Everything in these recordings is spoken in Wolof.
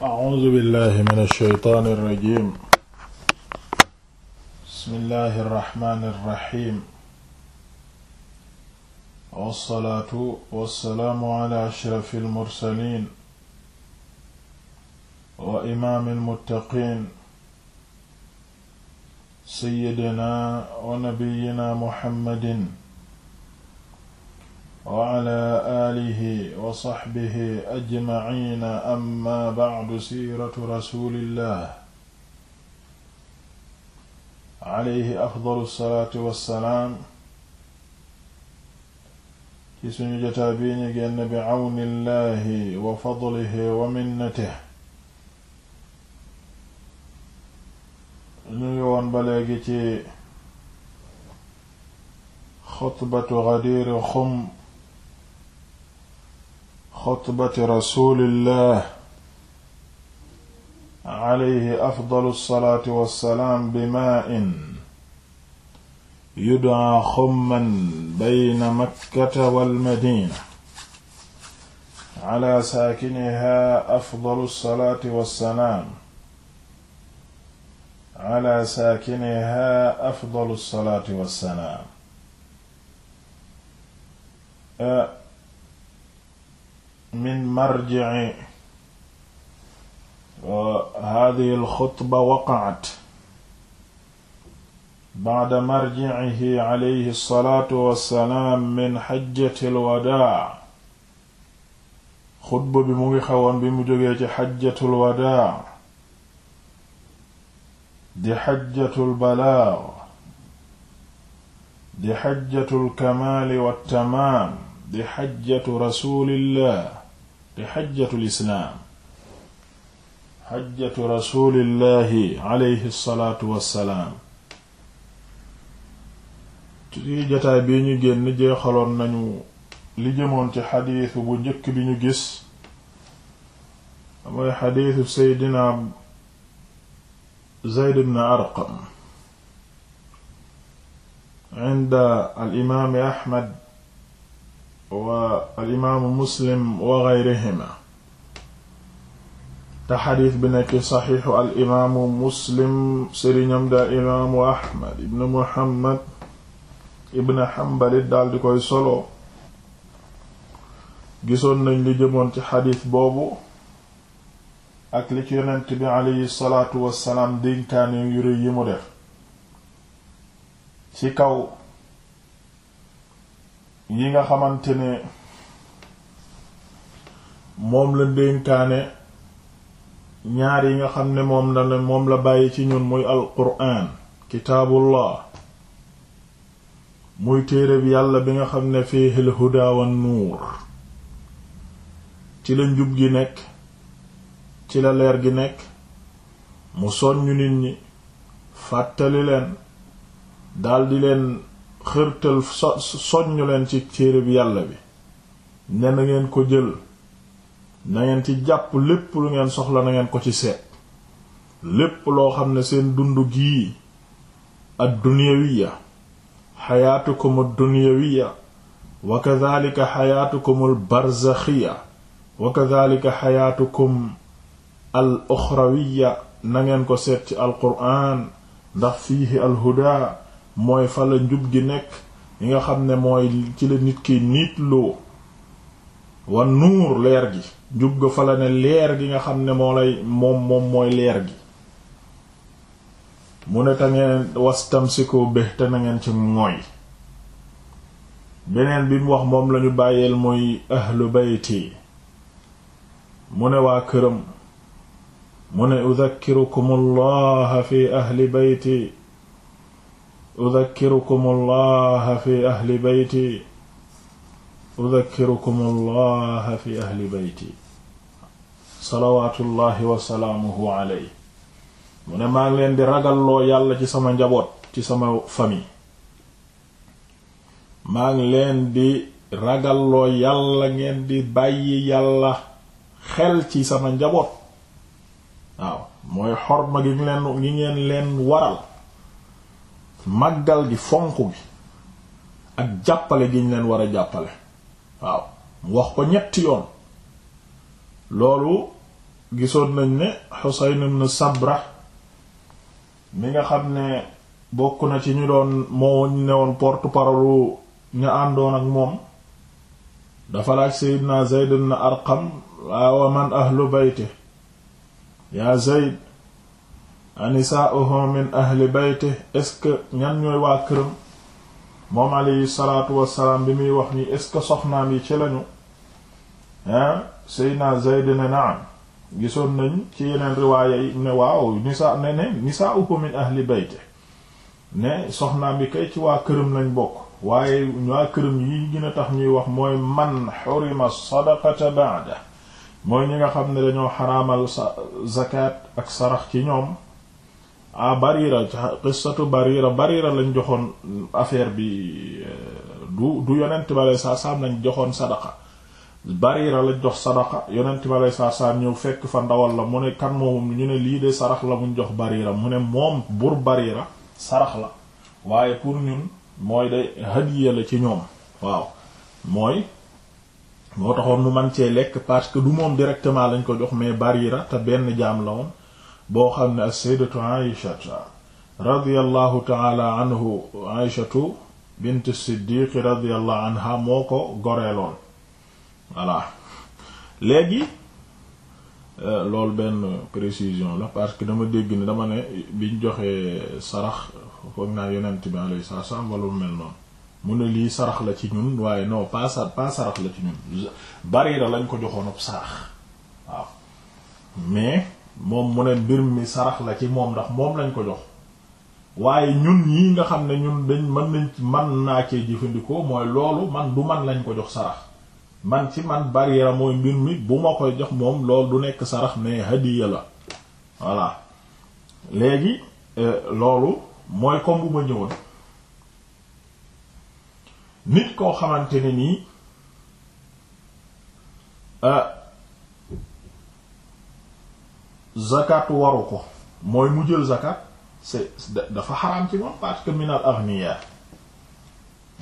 a'uuzu billahi min ash-shaytaani rajiim bismillahi rahmaani rahiim wassalaatu wassalaamu ala ashrafil mursaliin wa imaamil muttaqiin sayyidinaa wa nabiyyinaa muhammadin wa ala aalihi wa saxbihi ajmaciina amma bacdu siiratu rasuulillah alayhi afdalu salaatu wassalaam ci suñu jotaa bii ñu génn bi cawni illahi wa fadlihi wa minnatihi ñu ngi woon ba léegi ci xutbatu Ghadir Khoum xutbati rasulillah alayhi afdalu salaati wassalaam bimaa'in yud'aa xumman bayna makkata wal madina ala saakinihaa afdalu salaati wassalaam ala saakinihaa afdalu salaati wassalaam min marji'i hadhihi al-khutba waqa'at ba'da marji'ihi alayhi salaatu wassalaam min hajjatil wadaa xutba bi mu ngi xewoon bi mu jógee ci xajjatul wadaa di xajjatul balaag di xajjatul kamaali wattamaam di xajjatu rasuulillah di xajjatul islaam xajjatu rasulillahi alayhi salaatu wassalaam ci jataay bi ñu génn jeexaloon nañu li jëmoon ci xadiisu bu njëkk bi ñu gis mooy xadiisu seydina zayd ibn arqam inda al wa alimaamu muslim wa geyrihima te xadiis bi nekk saxiixu alimaamu muslim sëriñam da alimaamu ahmad ibn muhammad ibn xambalit daal di koy solo gisoon nañ li jëmoon ci xadiis boobu ak li ci yonent bi aleyhi salaatu wassalaam dénkaane yu rëy yi mu def ci kaw yi nga xamante ne moom la dénkaane ñaar yi nga xam ne moom la moom la bàyyi ci ñun muy alquraan kitaabullah muy téereb yàlla bi nga xam ne fiihil huda wan nuur ci la njub gi nekk ci la leer gi nekk mu soññu nit ñi fàttali leen daldi leen xërtal so ci téere bi yàlla bi ne na ngeen ko jël nangeen ci jàpp lépp lu ngeen soxla na ngeen ko ci seet lépp loo xam ne seen dund gii ad dunyawiya xayaatukum ad dunyawiya wa kadhalika xayaatukum al barzaxiya wa kadhalika xayaatukum al uxrawiya na ngeen ko seet ci alquraan ndax fiihi al huda mooy fa la njub gi nekk yi nga xam ne mooy ci la nit ki nit loo wa nuur leer gi njub ga fa la ne leer gi nga xam ne moo lay moom moom mooy leer gi mu ne ta ngeen wastamsikoo bé te na ngeen ci mooy beneen bi mu wax moom lañu bàyyeel mooy ahlu bayti mu ne waa këram mu ne udhakkirukum allaha fi ahli bayti udakkirukum allah fi ahli beyti udakkirukum allah fi ahli beyti salawaatullahi wasalaamuhu aley mu ne maa ngi leen di ragalloo yàlla ci sama njaboot ci sama famille maa ngi leen di ragalloo yàlla ngeen di bàyyi yàlla xel ci sama njaboot waaw mooy xorma gi leen gi ngeen leen waral màggal gi fonk gi ak jàppale gi ñu leen war a jàppale waaw mu wax ko ñetti yoon loolu gisoon nañ ne Husayn ibn Sabra mi nga xam ne bokk na ci ñu doon moo ne woon porte-parole ñu àndoon ak moom dafa laaj Seydina Zayd ibn Arqam waawa man ahlu bayte yaa Zayd anisaa'uhu min ahli bayte est-ce que ñan ñooy waa këram moom alayhi salaatu wassalaam bi muy wax nii est-ce que soxnaam yi ci lañu hein Seydina Zayd ne naam gisoon nañ ci yeneen riwaaya yi ne waaw nisa ne ne nisaa'uhu min ahli bayte ne soxnaam bi kay ci waa këram lañ bokk waaye waa këram yi gën a tax ñuy wax mooy man xurima sadaqata ba'da mooy ñi nga xam ne dañoo xaraamal zakat ak sarax ci ñoom ah Barira qissatu Barira Barira lañ joxoon affaire bi euh, du du yonent bi aleyhi salaatu lañ joxoon sadaqa Barira lañ jox sadaqa yonent bi aleyhi ñëw fekk fa ndawal la mu ne ñu ne lii de sarax la muñ jox Barira mu ne moom bur Barira sarax la waaye pour ñun mooy de hadiya la ci ñoom waaw mooy moo taxoon mu man cee lekk parce que du moom directement lañ ko jox mais Barira te benn jaam la woon boo xam ne ak sayyidatu Aysata radiyallahu taala anhu Aysatu bint Siddiq radiyallahu anha moo ko goreeloon voilà léegi euh, loolu benn précision la parce que dama dégg ne dama ne biñ joxee sarax foog naa yonent bi alayhi salaam wala mel noonu mu ne lii sarax la ci ñun waaye non pas pas sarax la ci ñun Barira lañ ko joxoon ab sarax waaw mais. moom mu ne mbir mi sarax la ci moom ndax moom lañ ko jox waaye ñun yi nga xam ne ñun dañ mën nañ man naa cee jëfandikoo mooy loolu man du man lañ ko jox sarax man ci man bariera mooy mbir mi bu ma koy jox moom loolu du nekk sarax ne hadiya la voilà léegi euh, loolu mooy comme bu ma ñëwoon nit koo xamante ne nii euh, zakat waru ko mooy mu jël zakat c'est dafa xaraam ci moom parce que minal aghniya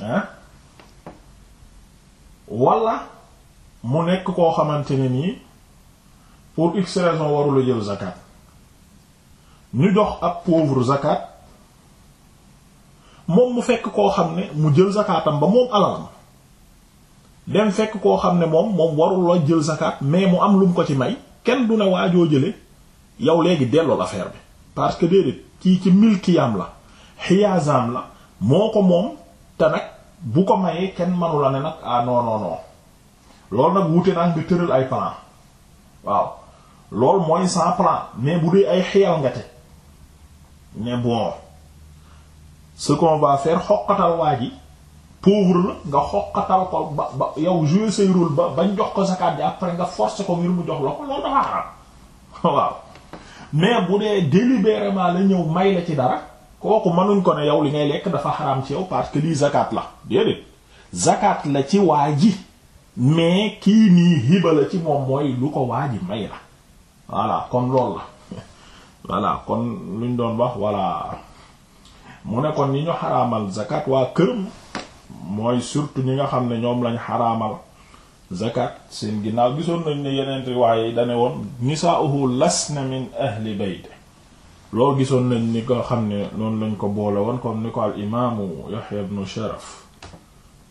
hein wala mu nekk koo xamante ne nii pour x raison warula jël zakat ñu jox ab pauvre zakat moom mu fekk koo xam ne mu jël zakatam ba moom alalam dem fekk koo xam ne moom moom warul jël zakat mais mu am lu ko ci may kenn du ne waajoo jële yow léegi delloo affaire bi parce que déedéet kii ci milkiyam la xiyaasam la moo ko moom te nag bu ko mayee kenn manu la ne nag ah non non non loolu nag wuute naa tëral ay plan waaw loolu mais bu ay xiyal nga te mais bon ce qu'on va faire xoqatal ko ba ba yow jouer say rôle ba bañ jox ko zakat ji après nga forcer ko ngir mu jox la ko loolu dafa xaram waaw mais bu dee délibérément la ñëw may la ci dara kooku mënuñ ko ne yow li ngay lekk dafa xaram ci yow parce que lii zakat la déedéet zakat la ci waa ji mais kii nii hiba la ci moom mooy lu ko waa may la voilà kon loolu la voilà kon luñ doon wax voilà mu ne kon ñi ñu xaraamal zakat waa këram mooy surtout ñi nga xam ne ñoom lañ xaraamal zakat seen ginnaaw gisoon nañ ne yeneen riwaaye yi dane woon nisaa'uhu lasna min ahli bayte loolu gisoon nañ ni ko xam ne noonu lañ ko boole woon comme ni ko al imaamu Yahya ibn Sharaf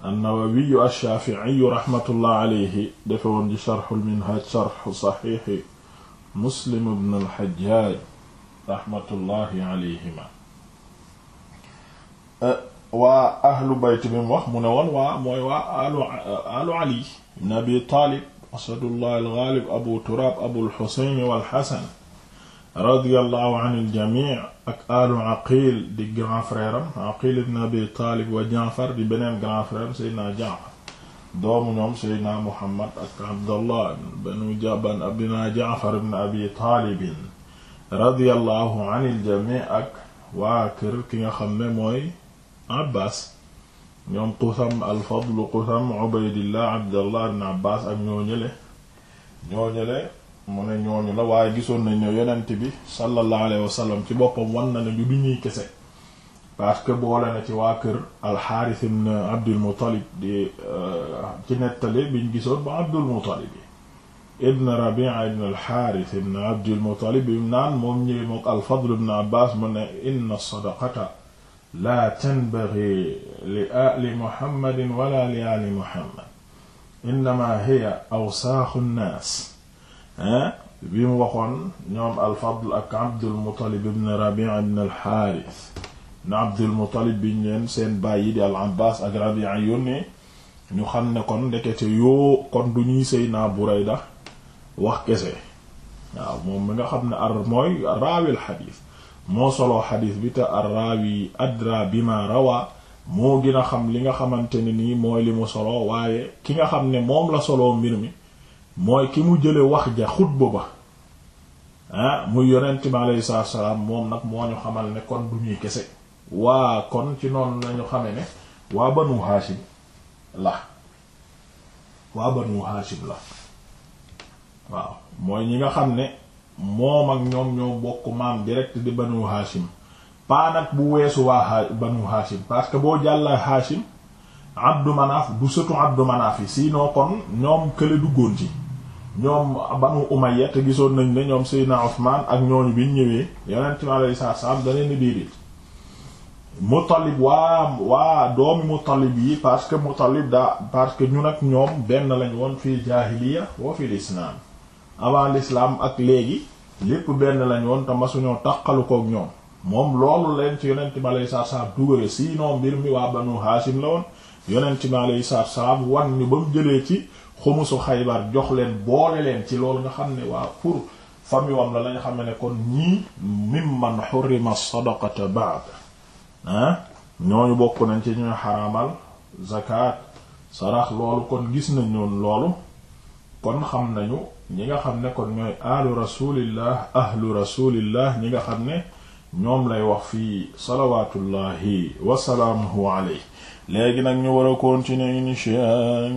an-Nawawi ash-Shafi'i rahmatullah alayhi dafe woon ci sharhul minhaj sharh saxiixi Muslim ibn al-Hajjaj rahmatullahi alayhima waa ahlu bayt bi mu wax mu ne woon waa mooy waa alu alu ali ibn abi taalib asadullah alghalib abu turaab abul xuseyn wal xasan radiyallahu anil jamii ak alu aqil di grand frère am aqil ibn abi taalib wa jaafar di beneen grand frère seydna jaafar doomu ñoom seydna muhammad ak abdallah banu jaban abdina jaafar ibn abi taalibin radiyallahu anil jamii ak waa kër ki nga xam ne mooy abbas ñoom qusam alfadlu qusam ubaydillah abdallah ibn abbas ak ñoo ñële ñoo ñële mu ne ñooñu waaye gisoon nañ ne yonent bi sallallahu alayhi wasallam ci boppam wan na nañu du ñuy kese parce que boole na ci waa kër alxaaris ibn abdul muttalib di euh, ibn rabi'a ibn alxaaris ibn abdul muttalib bi naan moom ñëwee mook alfadl ibn abbas mu ne inna sadaqata laa tanbaghi li aali muhammadin wala li aali muhammad innama hiya awsaaxu nnaas eh? bi mu waxoon ñoom alfadl ak abdulmutalib ibn rabi'a ibn alxaaris na abdulmutalib biñ leen seen bàyyi di al abbas ak rabi'a yónnee ñu xam ne kon ndekete yoo kon du ñuy sëy naa wax kese waaw moom mi nga xam ne ar mooy raawil xadiis moo soloo xadis bi te arraawi adra bima rawa moo gën a xam li nga xamante ne nii mooy li mu solo waaye ki nga xam ne moom la soloo mbir mi mooy ki mu jële wax ja xutba ba ah muy yonent bi salaam moom nag moo ñu xamal ne kon du ñuy kese waa kon ci noonu lañu xame ne waa banu haashim la waa banu haashim la waaw mooy ñi nga xam ne moom ak ñoom ñoo bokk maam direct di banu Hashim paa nag bu weesu waa banu Hashim parce que boo jàlla Hashim Abdu Manaf du sëtu Abdu Manaf yi sinon kon ñoom kële duggoon ci ñoom banu Umayya te gisoon nañ ne ñoom Seydina Usmaan ak ñooñu bi ñu ñëwee Yonent mi alayhi salaam da leen déedéet Muttalib waa waa doomi Muttalib yi parce que Muttalib daa parce que ñu ak ñoom benn lañ woon fii jaahiliya wa fil islaam avant lislaam ak léegi lépp benn lañ woon te masuñoo taqalu koog ñoom moom loolu leen ci yonent bi alayhi salaatu salaam dugale sinon mbir mi waa banu Haashim la woon yonent bi wan ñu ba mu jëlee ci xumusu Xaybar jox leen boole leen ci loolu nga xam ne waa pour famille la lañ xam ne kon ñii mimman xurima sadaqata ba'd ah ñooñu bokk nañ ci ñu xaraamal zakat sarax loolu kon gis nañ loolu kon xam nañu ñi nga xam ne ko ñooy aalu rasulillah ahlu rasulillah ñi nga xam ne ñoom lay wax fii salawatullahi wasalaamuhu alayhi léegi nag ñu war a continuer inshaa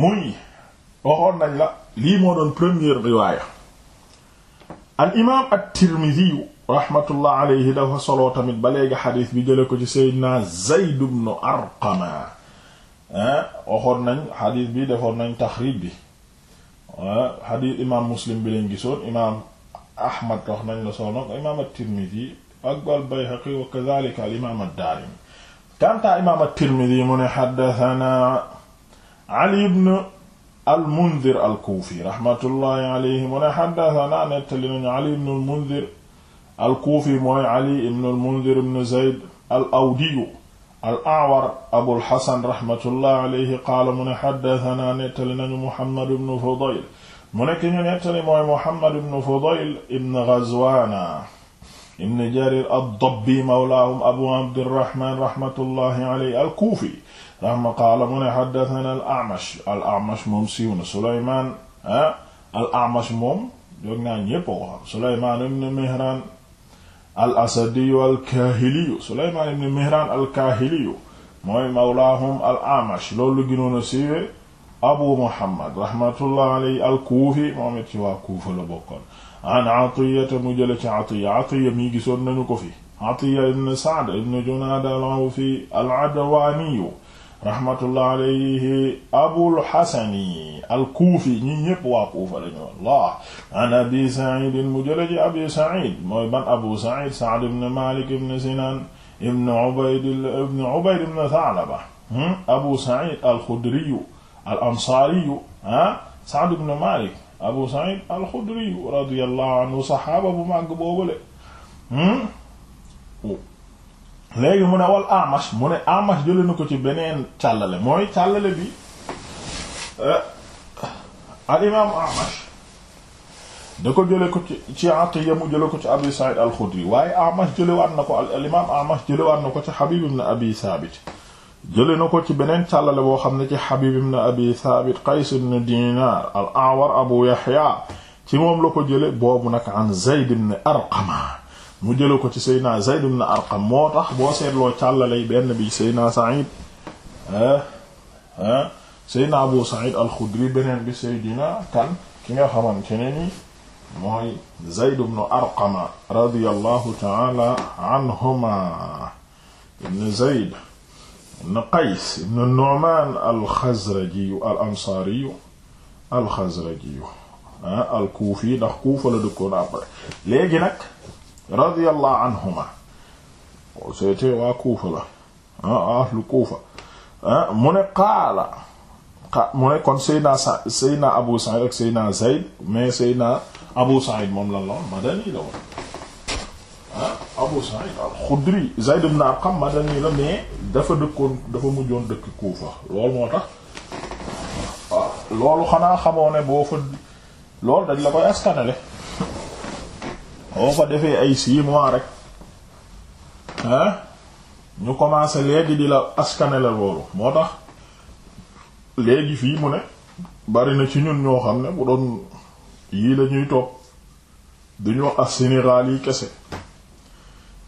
muy waxoon nañ la lii moo doon première riwaaya al imaam at-Tirmidhi rahmatullah alayhi dafa soloo tamit ba léegi xadis bi jële ko ci seydina Zayd ibn Arqama eh, waxoon nañ xadis bi defoon nañ taxrij bi eh, xadis Muslim bi lañ gisoon Ahmad wax nañ la solo ak imaam at-Tirmidhi ak al-Bayhaqi kanta imaam at-Tirmidhi mu ne haddathana Ali ibn al-Mundhir al-Kuufi mooy Ali ibn al-Mundhir ibn Zayd al-Awdiyu al-A'war Abul Hasan rahmatullah alayhi qaala mu ne haddathanaa nettali nañu Muhammad ibn Fudayl mu nekk ñu nettali mooy Muhammad ibn Fudayl ibn Ghazwaana ibn Jarir ad-Dabbi mawlaahum Abu Abdirrahmaan rahmatullahi alayhi al-Kuufi rahma qaala mu ne haddathanaa al-A'mash al-A'mash moom siiw na Sulaymaan ah, al-A'mash moom jóg naa ñépp ko xam Sulaymaan ibn Mihraan al asadiyu alkaahiliyu suleymaan ibn mihraan alkaahiliyu mooy mawlaahum al amash loolu gënoon a siiwe abu muhammad rahmatullah aley alkuufi moom it ci waa kuufa la bokkoon an atiyata mu jële ci atiya atiya mii gisoon nañu ko fi atiya ibn saad ibn junaada al awfi al adwaaniyu rahmatullah alayhi abul xasani al kuufi ñi ñépp waa kuufa lañu wallah an abi said mu jële ji abi said mooy ban abu said saad ibn malik ibn sinan ibn ubayd ibn ubayd ibn thalaba hmm? abu said al xudriyu al ansaariyu ah saad ibn malik abu said al xudriyu radiyallahu anhu saxaaba bu màgg boobule hmm? léegi mu ne wal Amash mu ne Amash jëlee na ko ci beneen càllale mooy càllale bi eh, al imaam Amash da ko jëlee ko ci ci Atiyya mu jëlee ko ci Abi Sa'id al-Khudri waaye Amash jëlee waat na ko al imaam Amash jëlee waat na ko ci Habib ibn Abi Thabit jëlee na ko ci beneen càllale boo xam ne ci Habib ibn Abi Thabit Qays ibn Dinar al-A'war Abu Yahya ci moom la ko jëlee boobu nag an Zayd ibn Arqama mu jëla ko ci Seydina Zayd ibn Arqam moo tax boo seetloo càllalay benn bi Seydina Sa'id ah eh, ah eh, Seydina Abu Sa'id al-Khudri beneen bi Seydina kan ki nga xamante ne ni mooy Zayd ibn Arqama radiyallahu ta'ala anhuma ibn Zayd ibn Qays ibn Nu'man al-Khazraji al-Ansari al-Khazraji eh, al-Kufi ndax Kufa la dëkkoon après léegi nag radiyallahu anhuma c'était waa Kuufa la ah ahlu Kuufa ah, mu ne qaala mu ne kon Seydina sa Seydina Abu Sa'id ak Seydina Zayd mais Seydina Abu Sa'id moom lan la woon ah, madani la mais dafa dëkkoon dafa mujjoon dëkk Kuufa loolu moo tax ah, loolu xanaa xamoo ne boo fa loolu dañ la koy askanale boo ko defee ay six mois rek ah ñu commencé léegi di la askanela loolu moo tax léegi fii mu ne bari na ci ñun ñoo xam ne bu doon yii la ñuy toog duñu wax ak Sénégal yi kese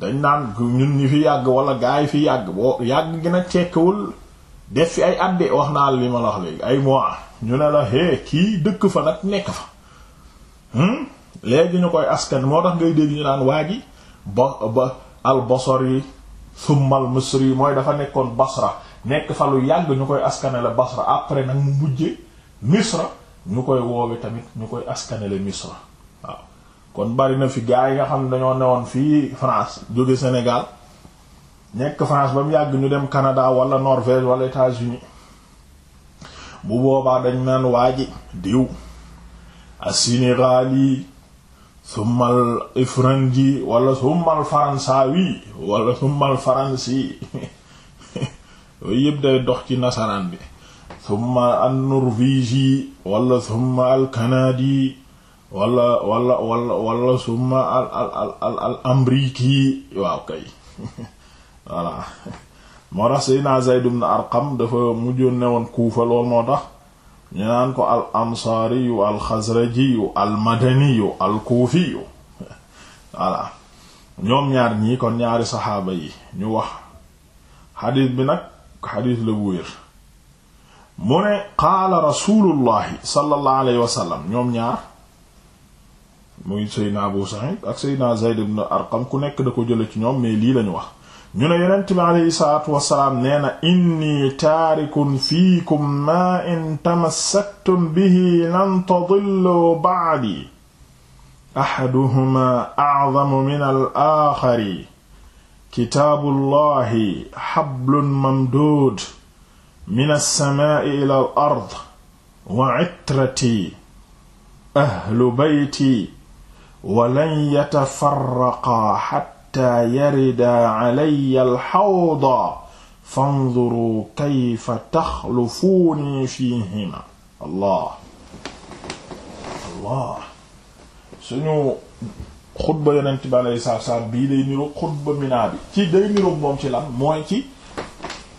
dañ naan ñun ñi fi yàgg wala yi fi yàgg boo yàgg gi nag cekkewul def fi ay adde wax naa li ma la wax léegi ay mois ñu ne la hé kii dëkk fa nag nekk fa hmm? léegi ñu koy askan moo tax ngay dégg ñu naan waa ji ba ba al basri thumma al misri mooy dafa nekkoon basra nekk fa lu yàgg ñu koy askanale basra après nag mu mujje misra ñu koy woowe tamit ñu koy askanale misra waaw kon bari na fi gaa yi nga xam ne dañoo newoon fii France jóge Sénégal nekk France ba mu yàgg ñu dem Canada wala Norvège wala États-Unis bu boobaa dañ naan waa ji diw a yi summal ifranji wala summal faransawi walla summal faransi yooyu yëpp day dox ci nasaraan bi summa an-norvigi wala summa al-kanadi wala wala wala wala summa al al al al waaw kay voilà moo tax Seydina Zayd ibn Arqam dafa mujjoon newoon Kuufa lool moo tax ñu naan ko al ansaariyu al xasrajiyu al madaniyu al kuufiyu voilà ñoom ñaar ñii kon ñaari saxaaba yi ñu wax xadiis bi nag xadiis la bu wér mu ne qaala rasulullahi sallallahu alayhi wa ñoom ñaar muy seydna abu sa'id ak seydna zayd ibn arqam ku nekk da ko jële ci ñoom mais lii lañu wax ñu ne yonent bi aleyhi salaatu wassalaam nee na inni taarikun fiikum ma in tamassaktum bihi lan tadillu ba'di axaduhuma acdamu min alaaxari kitaabullahi xablun mamduud min alsamaai ila al ard wa citrati ahlu beyti walan yatafarraqaa xatta yarida calaya alxawda fanduruu kayfa taxlufuuni fihima allah allah suñu xutba yonent bi alayhi salaatu salaam bii day niroog xutba Mina bi ci day niroog moom ci lan mooy ci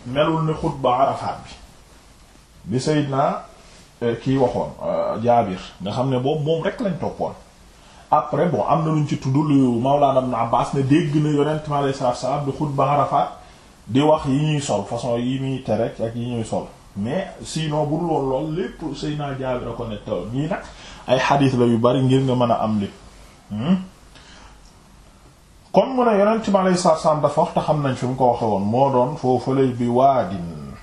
melul ni xutba Arafaat bi bi Seydina eh, kii waxoon eh, Jaabir nga xam ne boobu moom rek lañ toppoon après bon am na luñ ci tudd lu Mawlana Ibn Abbas ne dégg na yonent mi alayhi salaatu salaam di xutba Arafat di wax yi ñuy sol façon yi muy tere ak yi ñuy sol mais sinon bu lool lool lépp Seydina Jaabir ko ne taw ñii nag ay xadiis la yu bari ngir nga mën a am lépp hmm? kon mu ne yonent mi alayhi salaatu salaam dafa wax te xam nañ fi mu ko waxe woon moo doon foofu lay bi waadin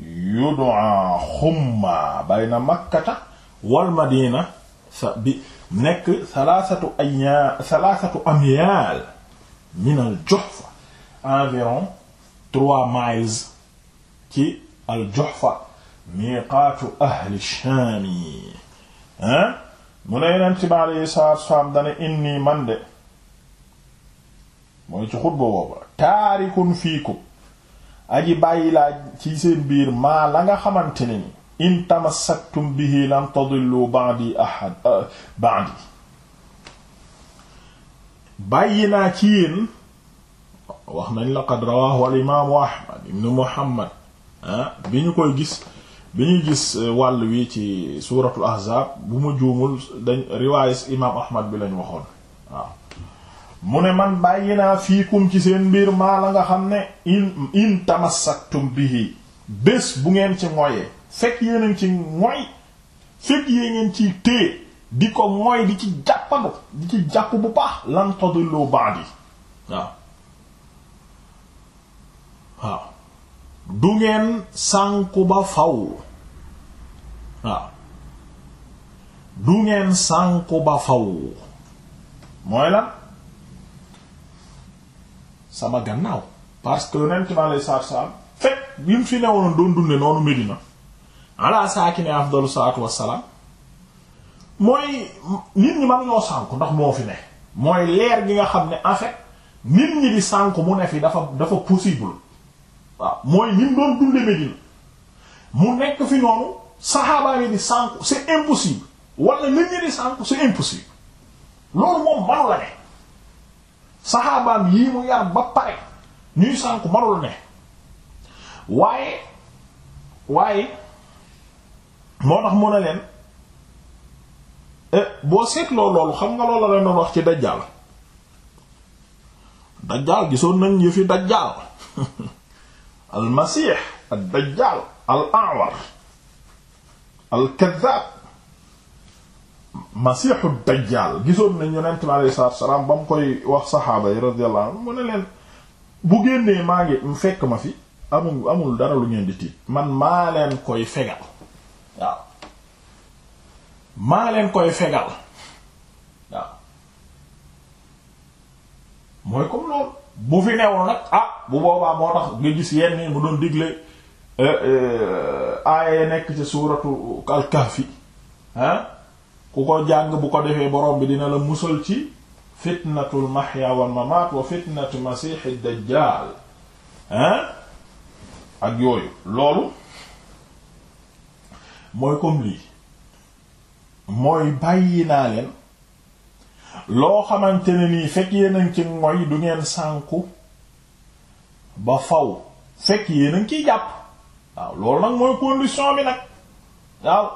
yud'a xumma bayna makkata wal madina sa bi nekk salaasatu ayya salaasatu amyaal min al Juhfa environ trois miles ci al Juhfa miiqaatu ahli Shaami hein mu ne Yonent bi alayhi salaatu wassalaam dana inni man de mooy ci xutba boobu taarikun fiikum aji bàyyi laa ci seen biir maa la nga xamante ne ni in tamassaktum bihi lan tadillu ba'di ahad euh, ba'di bàyyi naa ci yéen wax nañ laqad rawahu al imaamu ahmad ibnu muhammad ah, bi ñu koy gis bi ñuy gis euh, wàll wi ci suratul ahzab bu ma juumul dañ riwaayis imaam ahmad bi lañ waxoon waaw mu ne man bàyyi naa fiikum ci seen mbir maa la nga xam ne in in tamassaktum bihi bés bu ngeen ci moyee fekk yéen a ngi ci mooy fekk yéen ngeen ciy téye di ko mooy di ci jàppandu di ci jàpp bu baax lan tadillu baax waaw waaw du ngeen waaw du ngeen sànku ba faw mooy lan sama gannaaw parce que yonent mi aleyhi salaatu wa salaam fekk bi mu fi woon doon dunde noonu Medina ala saakine afdalu salaatu wassalaam mooy nit ñi man ñoo sànku ndax moo fi ne mooy leer gi nga xam ne en fait nit ñi di sànku mu ne fi dafa dafa possible waaw mooy ni mu nekk fi di sànku c'est impossible wala nit ñi di sànku c'est impossible loolu moom manu la ne saxaabaam yii mu yar ba pare ñuy sànku manu la ne waaye waaye moo tax mu ne leen eh, boo seetloo loolu xam nga loolu la doon wax ci dajjaal dajjaal gisoon nañ yëfi fi al masiix ad dajjaal al awar al kaddaab masiixu dajjaal gisoon nañ yonent bi alayhi salaam ba mu koy wax saxaaba yi radiyallahu anhu mu ne leen bu génnee maa ngi fekk ma fi amul amul dara lu ngeen di tiit man maa leen koy fegal waaw maa leen koy fegal waaw mooy comme loolu bu fi newoon nag ah bu boobaa moo tax nga gis yenn mu doon digle eh, eh, aaya nekk ci suuratu al ah, ku ko jàng bu ko defee borom bi dina la musal ci fitnatul mahya wal mamat wa fitnatu masixi ah, ak yooyu loolu mooy comme lii mooy bàyyi naa leen loo xamante ne nii fekk yéenañ ci mooy du ngeen sànku ba faw fekk yéenañ ciy jàpp waaw loolu nag mooy condition bi nag waaw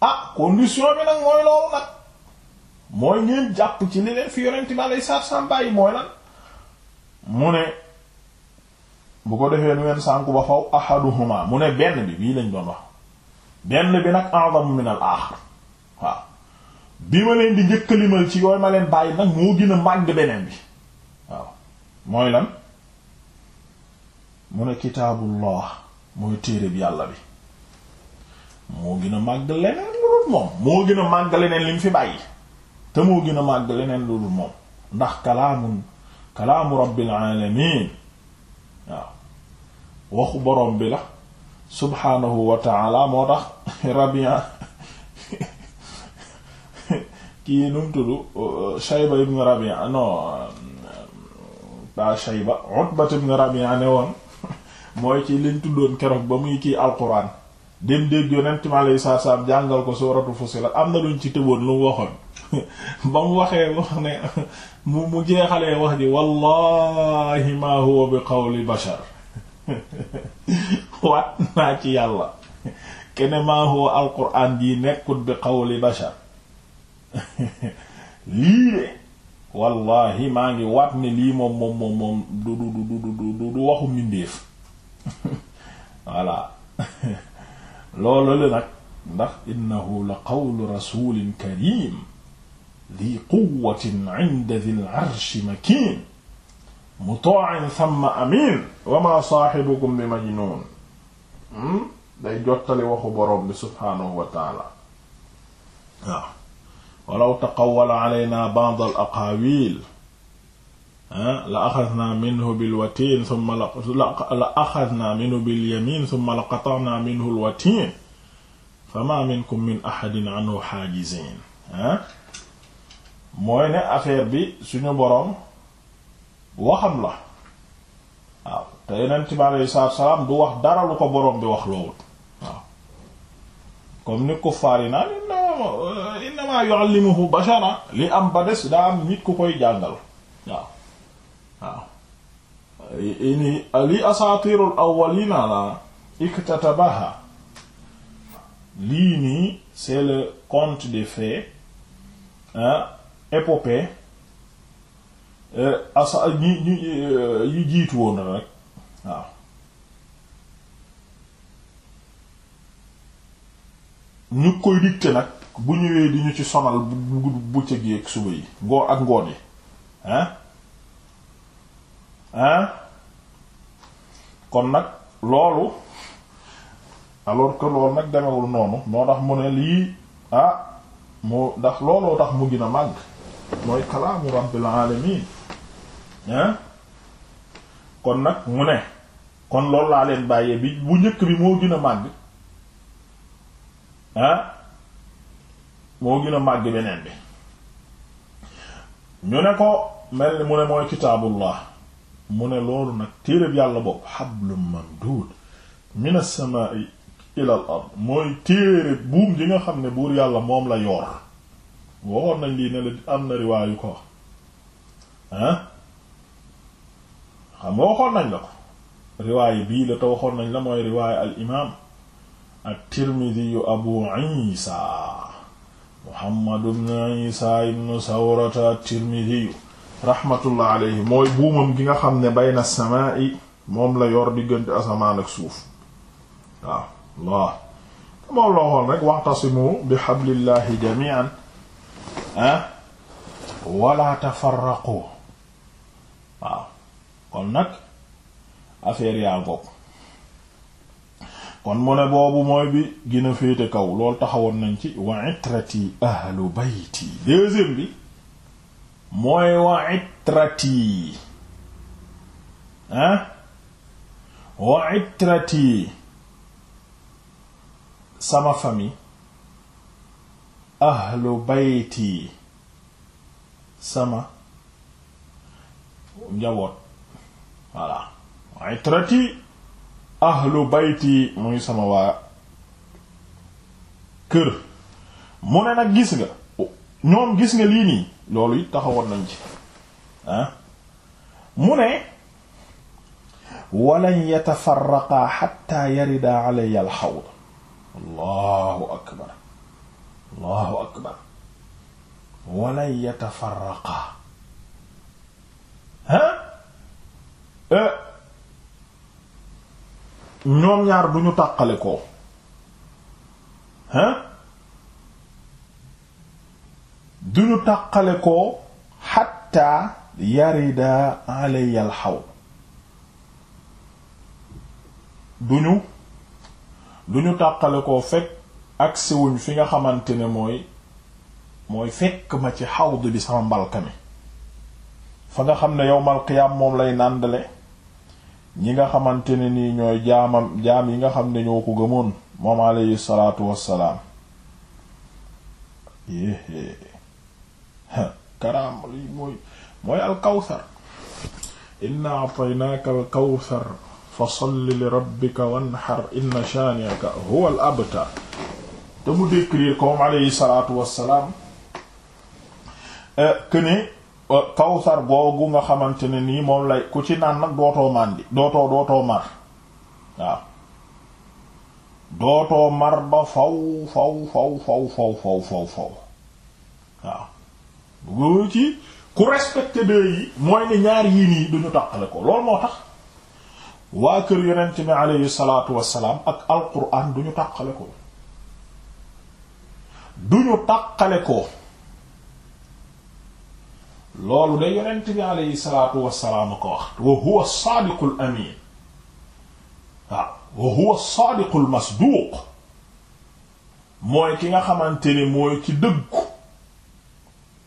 ah, condition bi nag mooy loolu nag mooy ngeen jàpp ci li leen fi yonent bi alei satu bàyyi mooy lan mu ne bu ko defee nu ngeen sànku ba faw ahaduhuma mu ne benn bi bii lañ doon wax benn bi nag a'zamu min al aaxar waaw bi ma leen di njëkk limal ci yooyu ma leen bàyyi nag moo gën a màgg beneen bi waaw mooy lan mu ne kitaabullah mooy téere yàlla bi moo gën a màgg leneen lu dul moom moo gën a màgg leneen li mu fi bàyyi te moo gën a màgg leneen lu dul moom ndax kalaamun kalaamu rabbil alamin waaw waxu borom bi la subhaanahu wa moo tax Rabi'a kii nu mu tudd Shayba ibn Rabi'a non ba Shayba Utba ibn Rabi'a ne woon mooy ci liñ tuddoon keroog ba muy kii alquran dem dégg yonent mi alayhi salaatu salaam jàngal ko suuratu Fussilat am na luñ ci tëboon lu mu waxoon ba mu waxee wax ne mu mu jeexalee wax ji wallahi ma huwa bi qawli bashar waat naa ci yàlla kene maa huwa alquran jii nekkut bi qawli bashar lii wallahi maa ngi lii moom moom du du du du du du waxu mbindeef voilà loolu la nag ndax innahu la qawlu rasulin karim di quwwatin inda dil arshi makin muta'in thumma amin wa ma bi majnun hmm? day jottali waxu borom bi subhaanahu wa taala waaw walaw taqawwala alayna ba'd al aqaawiil ah, la axadna minhu bil watiin summa la axadna minhu bil yamiin summa la qata'na ah. waxam la waaw te yonent bi salaam du wax dara lu ko boroom bi wax loowut comme ni kuffaar yi naan innama innama yu'allimuhu bashara li am ba des daa am nit ku koy jàngal waaw waaw ini li asatirul awwalina la iktatabaha lii nii c'est le conte des fées hein épopée euh, asa ñi ñi euh, yi jiitu woon rek waaw ñu koy dicté nag bu ñëwee di ñu ci sonal bu bëccëg yi ak suba yi ngoo ak ngoon yi hein hein kon nag loolu alors que loolu nag demewul noonu moo tax mu ne lii ah mu ndax looloo tax mu gën a màgg mooy kalaamu rabbil alamin hein kon nag mu ne kon loolu laa leen bàyyee bi bu njëkk bi moo gën a màgg ah moo gën a màgg beneen bi ñu ne ko mel ni mu ne mooy kitaabullah mu ne loolu nag téeréb yàlla bopp hablum mamduud min as-samaa'i ila al mooy téere buum ji nga xam ne buur yàlla moom la yoor waxoon nañ lii ne la am na riwaayu ko ah xam nga nañ la ko riwaay bii la te waxoon nañ la mooy riwaay al imaam at-Tirmidhi abu Isa Muhammad ibn Isa ibn Sawrata at-Tirmidhi rahmatullah alayhi mooy buumam gi nga xam ne bayna samaa'i moom la yor diggante asamaan ak suuf waaw waaw moom la waxoon rek wa'tasimu bi hablillahi jami'an ah wala tafarraqu waaw kon nag affaire yaa ngoog kon mu ne boobu mooy bi gina a féete kaw loolu taxawoon nañ ci wa itrati ahlu bayti deuxième bi mooy wa itrati ah wa itrati sama famille ahlu bayti sama njaboot voilà wa itrati ahlu bayti muy sama waa kër mu ne nag gis nga ñoom gis nga lii nii loolu it taxawoon nañ ci ah mu ne walan yatafarraqaa xatta yarida alaya alxawd allahu akbar allahu akbar walan yatafarraqaa ha eh, ñoom ñaar duñu ñu tàqale ko hein du ñu tàqale ko xatta yarida aleyal xaw du ñu du ñu tàqale ko fekk agsiwuñ fi nga xamante ne mooy mooy fekk ma ci xawd bi sama mbalka mi fa nga xam ne yowmal qiyaam moom lay nàndale ñi nga xamante ne nii ñooy jaam yi nga xam ne ñoo ko gëmoon moom aleyhi salaatu wassalaam éé karaama li mooy mooy alkawsar inna ataynaaka alkawsar fa salli li wanxar inna shaani'aka huwa al te mu décrire ko moom aleyhi salaatu wassalaam eh, que ne Euh, kawsar googu nga xamante ne nii moom lay ku ci naan nag dootoo màndi dootoo dootoo mar waaw dootoo mar ba faw faw faw faw faw faw waaw boo ci ku respecté deux yi mooy ne ñaar yii nii duñu taqale ko loolu moo tax waa kër yonent bi aleyhi salaatu wassalaam ak alquran duñu taqale ko duñu taqale ko loolu de yonent bi aleyhi salaatu wassalaam ko wax wa huwa saadiqul amiin waaw wa huwa saadiqul masduuq mooy ki nga xamante ne mooy ci dëggu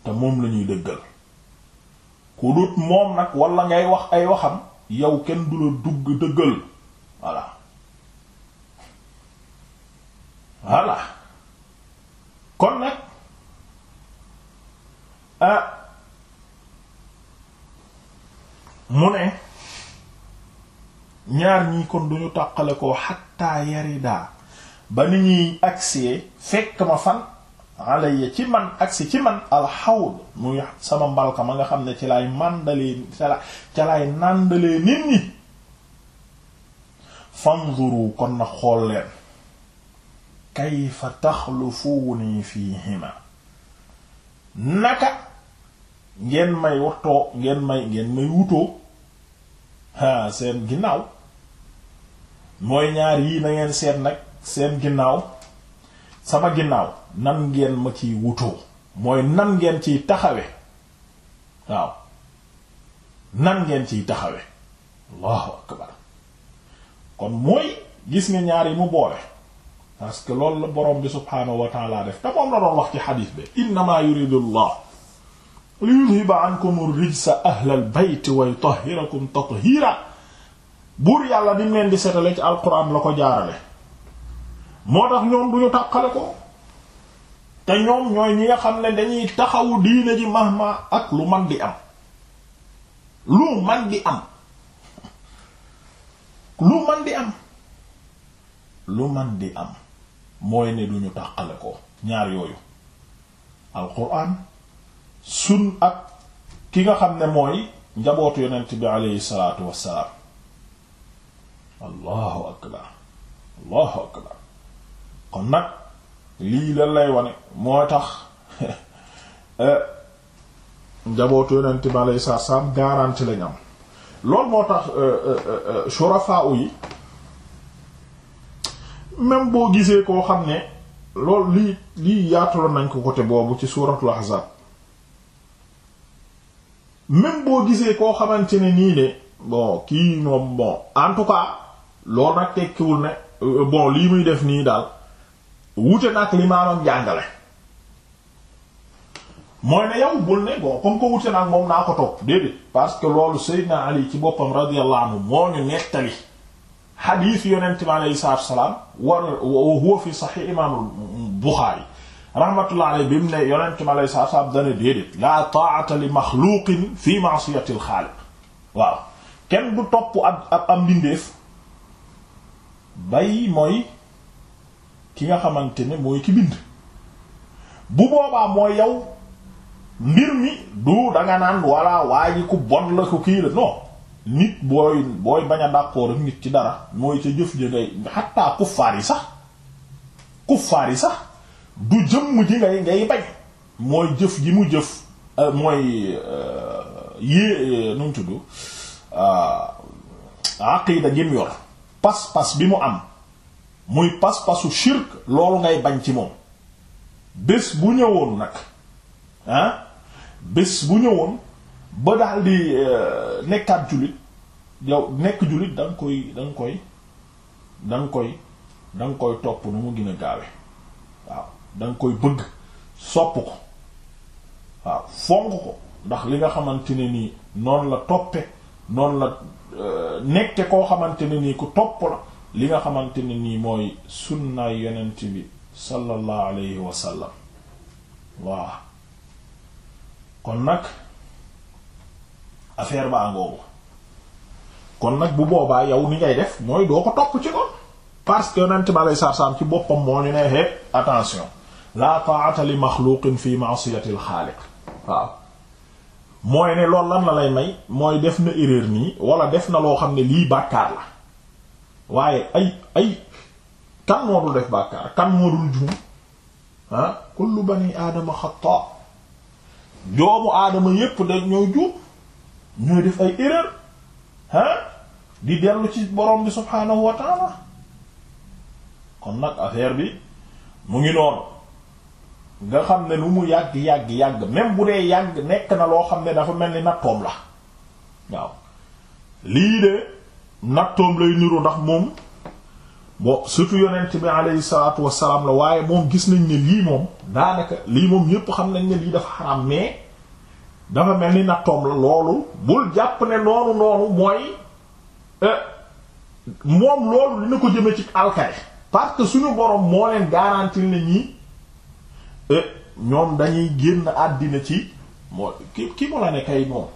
te moom la ñuy dëggal ku dut moom nag walla ngay wax ay waxam yow kenn du la dugg dëggal voilà voilà kon nag ah mu ne ñaar ñii kon duñu tàqale koo xatta yarida ba ni ñuy agsee fekk ma fan alaya ci man agsi ci man alxawd muy sama mbalka ma nga xam ne ci lay màndalee ca lay nàndalee nit ñi fanzuru kon na xool leen kayfa taxlufuuni fiihima naka ngeen may waxtoo ngeen may ngeen may wutoo ah seen ginnaaw mooy ñaar yii na ngeen seet nag seen ginnaaw sama ginnaaw nan ngeen ma ciy wutoo mooy nan ngeen ciy taxawe waaw nan ngeen ciy taxawe allahu akbar kon mooy gis nga ñaar yi mu boole parce loolu la borom bi subhaanahu wa taala def te moom la doon wax ci xadiis bi innama yuridu allah li yudhiba ankum rijsa ahlal bayt wa yutahhirakum tathiira buur yàlla ni mu di setale ci alquran la ko jaarale moo tax ñoom duñu tàqale nga xam ne dañuy taxawu diine ji ak lu man di am lu man di am lu man di am lu man di am mooy ne duñu tàqale ko ñaar yooyu alquran sun ak ki nga xam ne mooy njabootu yonent bi aleyhi salaatu wassalaam allahu akbar allahu akbar kon nag lii lan lay wane moo tax eh, njabootu yonent bi aleyhi salaatu wassalaam garanti lañ am loolu moo tax eh, eh, shurafa yi même boo gisee koo xam ne loolu lii lii yaataloon nañ ko côté boobu ci suuratul ahzab même boo gisee koo xamante ne nii de bon kii moom bon en tout cas loolu nag tekkiwul ne euh, bon lii muy def nii daal wute nag li maamam jàngale mooy ne yow bul ne bon comme ko wute nag moom naa ko topp déedéet parce que loolu Seydina Ali ci boppam radiyallahu anhu moo ñu nettali xadiis yonent bi aleyhi salaatu wa salaam war wa fi saxiix imaamul Buxaari rahmatullah alayhi bi mu ne yonent mi alayhi salaatu dana déedéet laa taa'ata li fi ma'siyati al waaw kenn du topp ab ab am bay mooy ki nga xamante ne mooy ki bind bu boobaa mooy yow mbir mi du danga naan walla waa ku bon la ko kii la non nit booy booy bañ a d'accord ak nit ci dara mooy ca jëf ja day kuffaar yi sax kuffaar yi sax du jëmm ji ngay ngay bañ mooy jëf ji mu jëf euh, mooy euh, yée euh, nu mu tudd aqida gi mu yor pas-pas bi mu am muy pas-pasu shirk loolu ngay bañ ci moom bés bu ñëwoon nag ah bés bu ñëwoon ba daal di nekkaat jullit yow nekk jullit da koy da koy da koy da nga koy topp nu mu gën gaawe waaw danga koy bëgg sopp ko waaw fonk ko ndax li nga xamante ne nii noonu la toppe noonu la euh, nekke koo xamante ne nii ku topp la li nga xamante ne nii mooy sunnaay yonent bi sallallahu alayhi wa sallam waaw kon nag affaire baa ngoogu kon nag bu boobaa yow ni ngay def mooy doo ko topp ci kon parce que yonent bi alayhi salaam ci boppam moo ñu ne attention la ta'ata li maxluqin fi ma'siyati al waaw mooy ne loolu lan lay may mooy def na erreur nii wala def na loo xam ne lii bàkkaar la waaye ay ay kan moo dul def bàkkaar kan moo dul juum ah kullu bani aadama xata doomu aadama yépp dañoo juum ñooy def ay erreur ah di dellu ci borom bi subhaanahu wa kon nag affaire bi mu ngi noonu nga xam ne lu mu yàgg yàgg yàgg même bu dee yàgg nekk na loo xam ne dafa mel ni nattoom la waaw lii de nattoom lay niru ndax moom bon surtout yonent bi alayhi wassalaam la waaye moom gis nañ ne lii moom daanaka lii moom yépp xam nañ ne lii dafa xaram mais dafa mel ni nattoom la loolu bul jàpp ne noonu noonu mooy euh, moom loolu dina ko jëme ci alkay parce que suñu borom moo leen garanti ne ñii ñoom dañuy génn àddina ci mooy ki ki mu la ne kay moom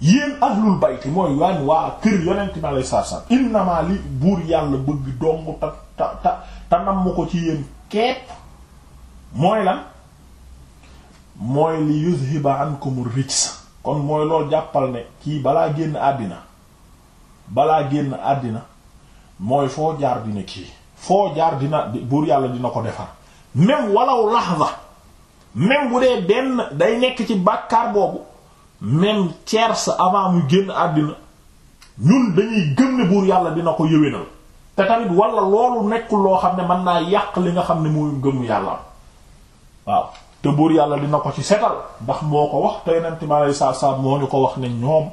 yéen ahlul bayti mooy waan waa kër yonent mi alei satu salam li buur yàlla bëgg dong ta ta ta ta namm ko ci yéen kepp mooy lan mooy li yuzhiba ankum rijsa kon mooy lool jàppal ne kii balaa génn àddina balaa génn àddina mooy foo jaar dina kii foo jaar dina buur yàlla dina ko defar même walaw lahza même bu dee benn day nekk ci bàkkaar boobu même tiers avant mu génn àddina ñun dañuy gëm ne buur yàlla dina ko yëwénal te tamit wala loolu nekkul loo xam ne man naa yàq li nga xam ne mooy gëm yàlla waaw te buur yàlla dina ko ci setal ndax moo ko wax te yonent mi alei saatu salaam moo ñu ko wax ne ñoom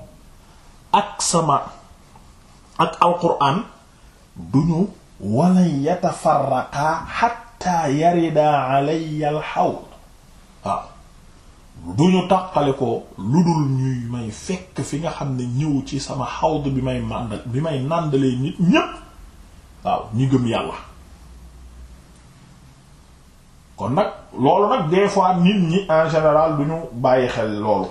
ak sama ak alquran duñu wala yatafarraqa xatta yarida alayya alxawl waaw ah, du ñu tàqale ko lu dul ñuy may fekk fi nga xam ne ñëw ci sama xawd bi may màndal bi may nàndalee nit ñépp waaw ñi gëm yàlla kon nag loolu nag des fois nit ñi en général du ñu bàyyi xel loolu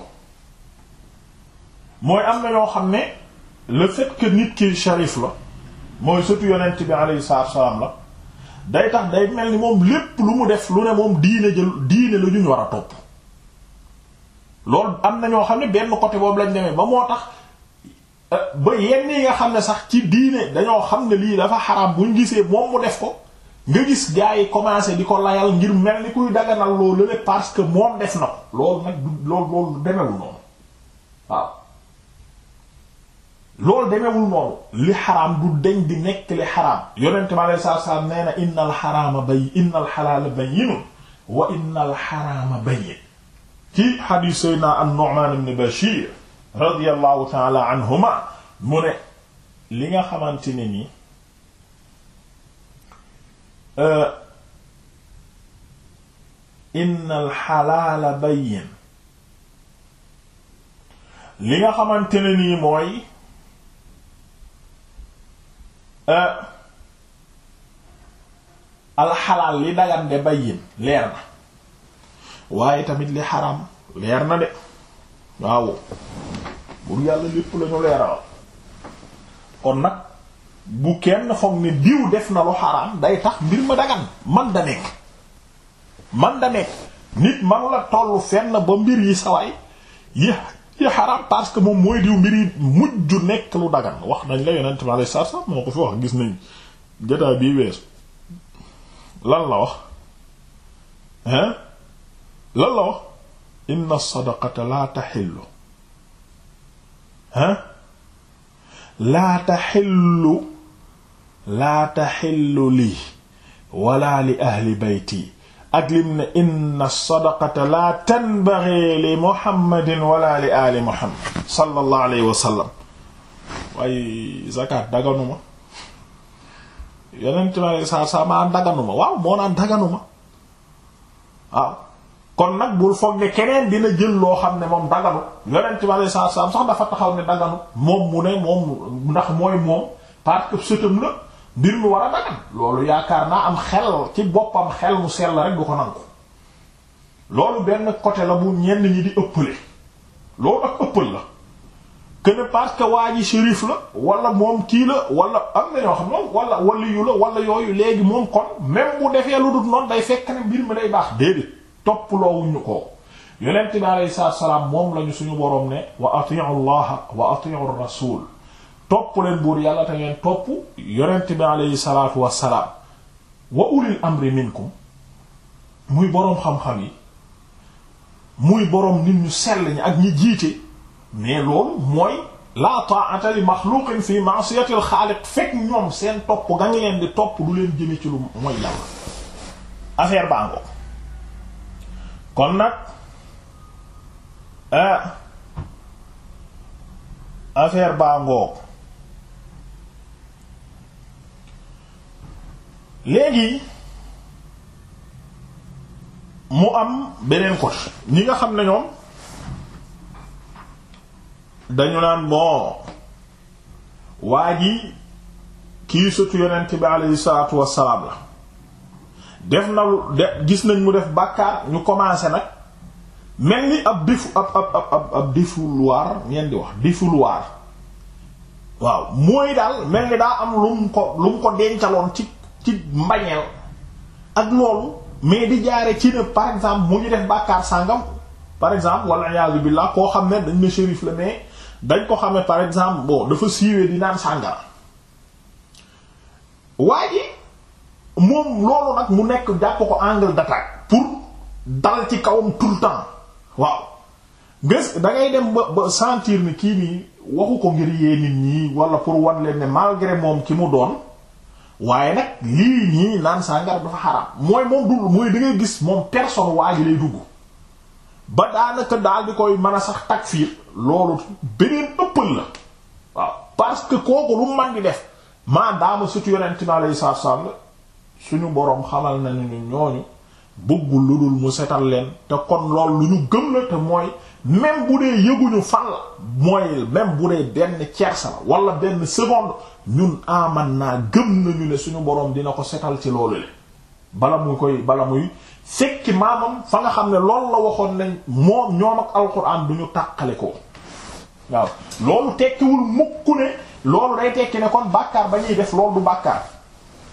mooy am na yoo xam ne le fait que nit ki sharif la mooy sëtu yonent bi alayhi salaatu salaam la day tax day mel ni moom lépp lu mu def lu ne moom diine jël diine la ñu war a topp lool am na ñoo xam ne benn côté boobu lañ demee ba moo tax euh, ba yenn yi nga xam ne sax ci diine dañoo xam ne lii dafa xaraam buñ gisee moom mu def ko nga gis gars yi commencé di ko layal ngir mel ni kuy daganal loolu la parce que moom def na ko loolu nag du loolu loolu demewu noonu waaw loolu demewul noonu li xaraam du deñ di nekk li xaraam yonent bi alei saatu salaam nee na inna al xaraama bay inna al xalaala bayyinun wa al xaraama bayyin Bashir radiyallahu ta'ala anhuma mu ne li nga xamante ne ni inna al li nga xamante ne nii mooy Euh, alxalaal li dagan de bayyin leer na waaye tamit li xaram leer na de waaw bur yàlla lépp la leeral kon nag bu kenn foog ni diw def na lu xaraam day tax mbir ma dagan man da nekk man da nekk nit manu la tollu fenn ba mbir yi sawaay yi xaraam parce que moom mooy diw mbiri mujj nekk lu dagan wax nañ la yonent mi alayhi salaatu salaam moo ko fi wax gis nañ jotaay bii weesu lan la wax hein lan la wax inna sadaqata laa taxillu hein laa taxillu laa taxillu lii wala li ahli bayti ak lim ne inna sadaqata la tanbaghi li muhammadin wala li ali muhammad sallallahu alayhi wa sallam waaye ah, kon nag bul foog ne keneen dina jël loo xam ne moom daganu yeneen tamit saa dafa taxaw ne daganu moom mu ne mbir mu war a dagan loolu yaakaar naa am xel ci boppam xel mu sell rek du ko nangu loolu benn côté la bu ñenn ñi di ëppale loolu ak ëppal la que ne parce que waa ji shérif la wala moom kii la wala am na ñoo xam moom wala la wala yooyu léegi moom kon même mu defee lu dul noonu day fekk ne mbir mi day baax déedéet topploowuñu ko yonent bi alayhi salaam moom lañu suñu boroom ne wa ati'u allaha wa ati'u rasul topp leen buur yàlla te ngeen topp yonent bi aleyhi salaatu wassalaam wa ulil amri minkum muy boroom xam-xam yi muy boroom nit ñu sell ñi ak ñi jiite mais loolu mooy la ta'ata li maxluqin fi ma'siyatil xaaliq fekk ñoom seen topp nga ngi leen di topp du leen jëme ci lu mooy yàlla affaire baa ngoog kon nag ah, affaire baa ngoog léegi mu am beneen côté ñi nga xam ne ñoom dañu naan moo waa ji kii sutu yonent bi aleyhi salaatu wassalaam la def na de gis nañ mu def bàkkaar ñu commencé nag mel ni ab difu ab ab ab ab difuluwaar ngeen di wax difuluwaar waaw mooy daal mel ni daa am lu ko lu ko dencaloon ci ci mbañeel ak loolu mais di jaare ci ne par exemple mu ñu def bàkkaar sàngam par exemple wala iyaazu billah koo xam ne dañ ne shérif la mais dañ ko xamee par exemple boo dafa siiwee di naan sàngara waa ji moom loolu nag mu nekk jàpp ko angle d'attaque pour dal ci kawam tout le temps waaw gës dangay dem ba ba sentir ni kii nii waxu ko ngir yee nit ñi wala pour wan leen ne malgré moom ki mu doon waaye nag lii ñii naan sàngara dafa xaraam mooy moom du mooy da gis moom personne waa ji lay dugg ba daanaka daal di koy mën a sax takfiir loolu beneen ëppal la waaw parce que kooku lu man di def maa daama sutu yonent mi alayhi salaatu salaam suñu boroom xamal nañu ñooñu bëggul lu dul mu setal leen te kon loolu lu ñu gëm la te mooy même bu dee yëguñu fan la mooy même bu dee benn tiers la wala benn seconde ñun aman naa gëm nañu ne suñu boroom dina ko setal ci loolu le bala mu koy bala muy fekki maamam fa nga xam ne loolu la waxoon nañ moom ñoom ak alxuraan du ñu tàqale ko waaw loolu tekkiwul mukk ne loolu day tekki ne kon bàkkaar ba ñuy def loolu du bàkkaar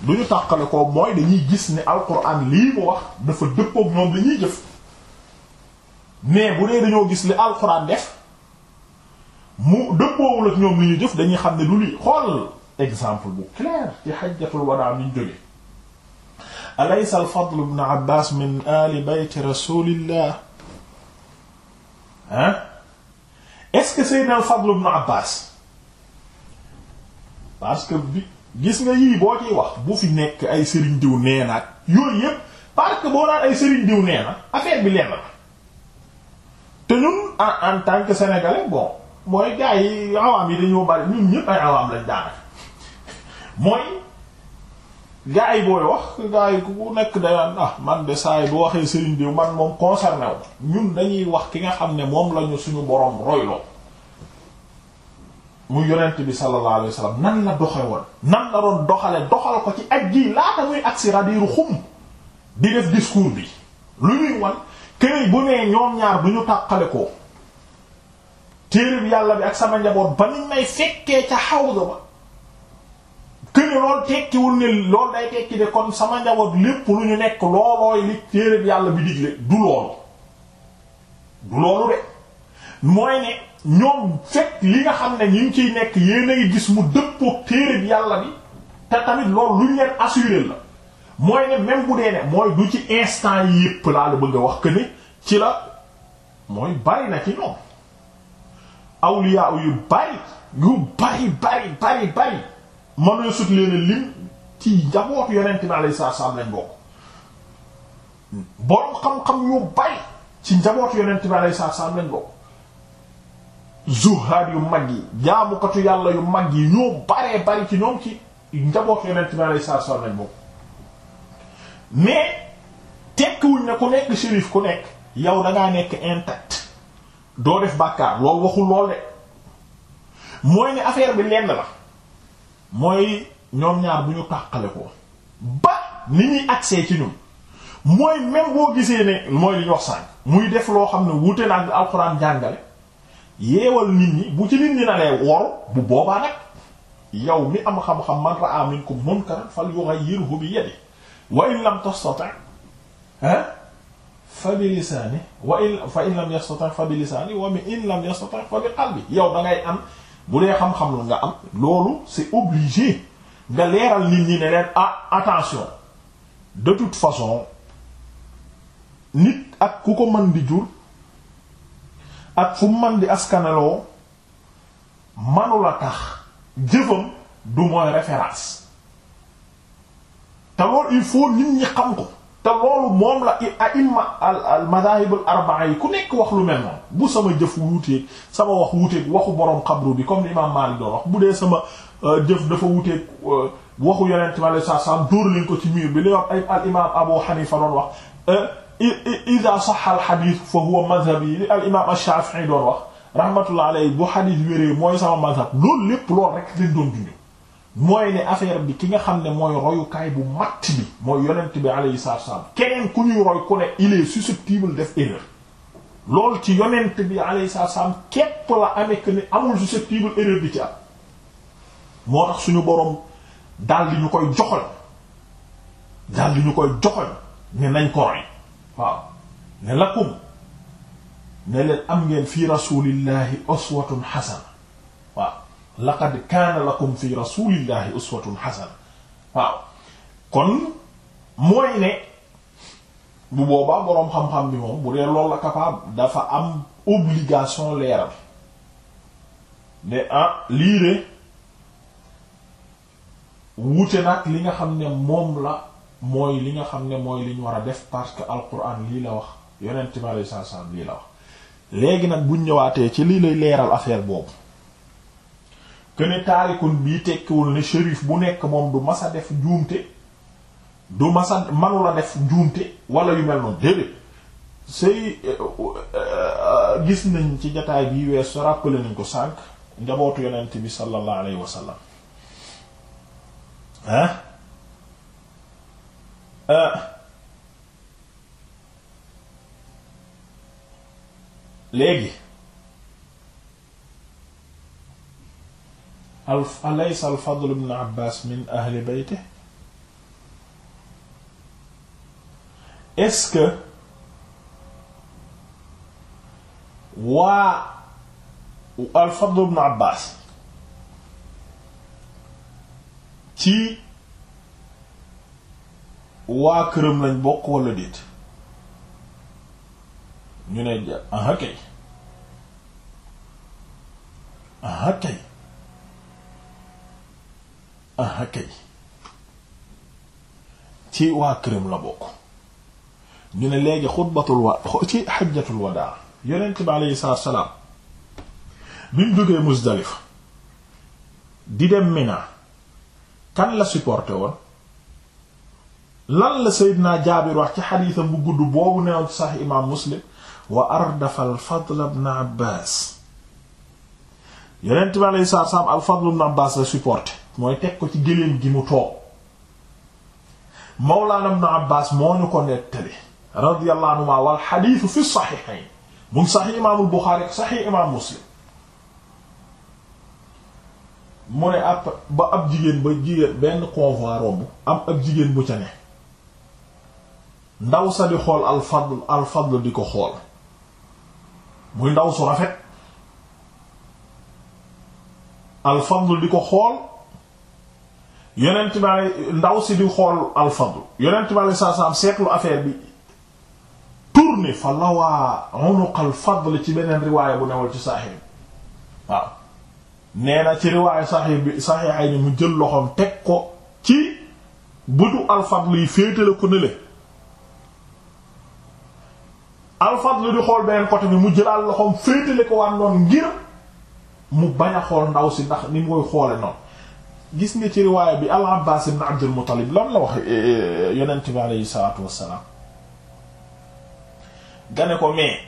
du ñu tàqale koo mooy dañuy gis ni alxuraan lii mu wax dafa dëppook ñoom li jëf mais bu dee dañoo gis li alxuraan def mu dëppoowul ak ñoom li ñu jëf dañuy xam ne du lii xool exemple bu clair ci xajjatul wadaa ñu jóge alaysa al fadl ibn abbas min ali bayt rasulillah hein est-ce que sayyidna al fadl ibn abbas parce que bi gis nga yii boo ciy wax bu fi nekk ay sëriñ diw nee na ak yooyu yépp parce que boo naan ay sëriñ diw nee na affaire bi lenn te ñun en en tant que sénégalais bon mooy gars yi awaam yi dañoo bari ñun ñëpp ay awaam lañ daanaka mooy gars yi booy wax gars yi ku nekk dayaan ah man de saa yi bu waxee Serigne Diouf man moom concerné wu ñun dañuy wax ki nga xam ne moom lañu suñu borom royloo mu yonent bi sallallahu alayhi wasallam nan la doxe nan la doxale doxal ko ci aj gi laata muy agsi radiiru xum di def discours bi lu ñuy wan. këy bu nee ñoom ñaar bu ñu tàqale ko téereeb yàlla bi ak sama njaboot ba ni may ca xawda ba këne lool tekkiwul ne lool day tekki kon sama njaboot lépp lu ñu nekk loolooy li téereeb yàlla bi digle du loolu du loolu de mooy ne ñoom fekk li nga xam ne ñu ngi ciy nekk yéen a ngi gis mu dëppook téereeb yàlla bi te tamit loolu lu ñu leen assuré la mooy ne même bu dee ne mooy du ci instant yi laa la bëgg a wax que ne ci la mooy bari na ci ñoom awliya yu bari yu bari bari bari bari mënoo sut leen lim ci njabootu yonent bi alayhi salaam lañ bokk borom xam-xam yu bari ci njabootu yonent bi alayhi salaam lañ bokk yu mag yi jaamukatu yàlla yu mag yi ñoo baree bari ci ñoom ci njabootu yonent bi alayhi salaam lañ bokk. mais tekkiwuñ ne ku nekk shérif ku nekk yow da nekk intact doo def bàkkaar loolu waxul lool de mooy ne affaire bi lenn la mooy ñoom ñaar bu ñu tàqale ko ba ni ñuy accès ci ñun mooy même boo gisee ne mooy li ñu wax sànq muy def loo xam ne wuute na ak alxuraan jàngale yeewal nit ñi bu ci nit ñi na lee woru bu boobaa nag yow mi am xam-xam man fal minkum munkaran falyughayyirhu bi yadihi wa in lam tastati' ah fa bi lisaani wa in fa in lam yastati' fa bi in lam yastati' fa bi yow da ngay am bu dee xam-xam la nga am loolu c'est obligé nga leeral nit ñi ne leen ah, attention de toute façon nit ak ku ko mën di jur ak fu mën di askaneloo a tax jëfam du mooy référence te loolu il faut nit ñi xam ko te loolu moom la aïmma al al madahibul arba'a yi ku nekk wax lu mel noonu bu sama jëf wuuteeg sama wax wuuteeg waxu borom xabru bi comme l'imam Malik doon wax bu dee sama euh, jëf dafa wuuteeg euh, waxu yonent mi alayhi salaam dóor leen ko ci mur bi li wax ay al imam Abu Hanifa doon wax euh, idha sahha al hadith fa huwa madhhabi li al imam Ash-Shafi'i doon wax rahmatullah alayhi bu hadith wéree mooy sama madhhab loolu lépp loolu rek lañ doon dund mooy ne affaire bi ki nga xam ne mooy royukaay bu matt bi mooy yonent bi alayhi salaatu keneen ku ñuy roy ku ne il susceptible def erreur loolu ci yonent bi alayhi salaatu wasallam képp la amee que ne amul susceptible erreur bi ci am moo tax suñu boroom daal di ñu koy joxoñ daal ñu koy joxoñ ne nañ ko roy waaw ne lakum ne leen am ngeen fi rasulillahi uswatun hasana waaw laqad kaana lakum fi rasulillahi uswatun hasana waaw kon mooy ne bu boobaa boroom xam-xam bi moom bu dee loolu la capable dafa am obligation leeral ne ah lii de wuute nag li nga xam ne moom la mooy li nga xam ne mooy li ñu war a def parce que alquran lii la wax yonent bi sallallahu alayhi lii la wax léegi nag buñ ñëwaatee ci lii lay leeral affaire boobu ne taarikun bii tekkiwul ne shérif bu nekk moom du mas a def njuumte du masa a manu def njuumte wala yu mel noonu déedéet say euh, euh, gis nañ ci jataay bii su rappelé nañ ko sànq njabootu yonent bi sallallahu alayhi wa sallam euh, léegi alaysa alfadl ibn abbas min ahli beyte est-ce que waa alfadl ibn ci waa këram lañ bokk wala déet ñu ne aha kay aha kay ah kay ci waa këram la bokk ñu ne léegi xutbatul wa ci xajjatul wadaa yonent bi aleyhi salaatu wa salaam bi mu jógee di dem Mina kan la supporté woon lan la naa Jaabir wax ci xadiisam bu gudd boobu newoon sax imaam Muslim wa ardafa al-Fadl ibn Abbaas yonent bi aleyhi salaatu wa salaam al-Fadl ibn Abbaas la supporté mooy teg ko ci gëléem gi mu toog Mawlaana Ibn Abbaas moo ñu ko nettali radiyallahu anhuma wal xadiisu fi saxiixayn mu saxiix imaamul Buxaari saxiix imaam Muslim mu ne ab ba ab jigéen ba jigéen benn convoi romb am ab jigéen bu ca ne ndaw sa di xool al fadl al fadl di ko xool muy ndaw su rafet al fadl di ko xool yonent ndaw si di xool alfadl yonent bi saa saam seetlu affaire bi tourné fa lawaa unuq alfadl ci beneen riwaaya bu newal ci saaxiib waaw nee na ci riwaaya saaxiib bi saxiixay ni mu jël loxoom teg ko ci bëtu alfadl yi féetale ko nële alfadl di xool beneen côté bi mu jëlaat loxoom féetale ko waan noonu ngir mu bañ xool ndaw si ndax ni mu koy xoole noonu gis nga ci riwaaya bi al Abbaas ibn Abdul Muttalib lan la wax eh, eh, yonent bi aleyhi salaatu wassalaam gane ko mais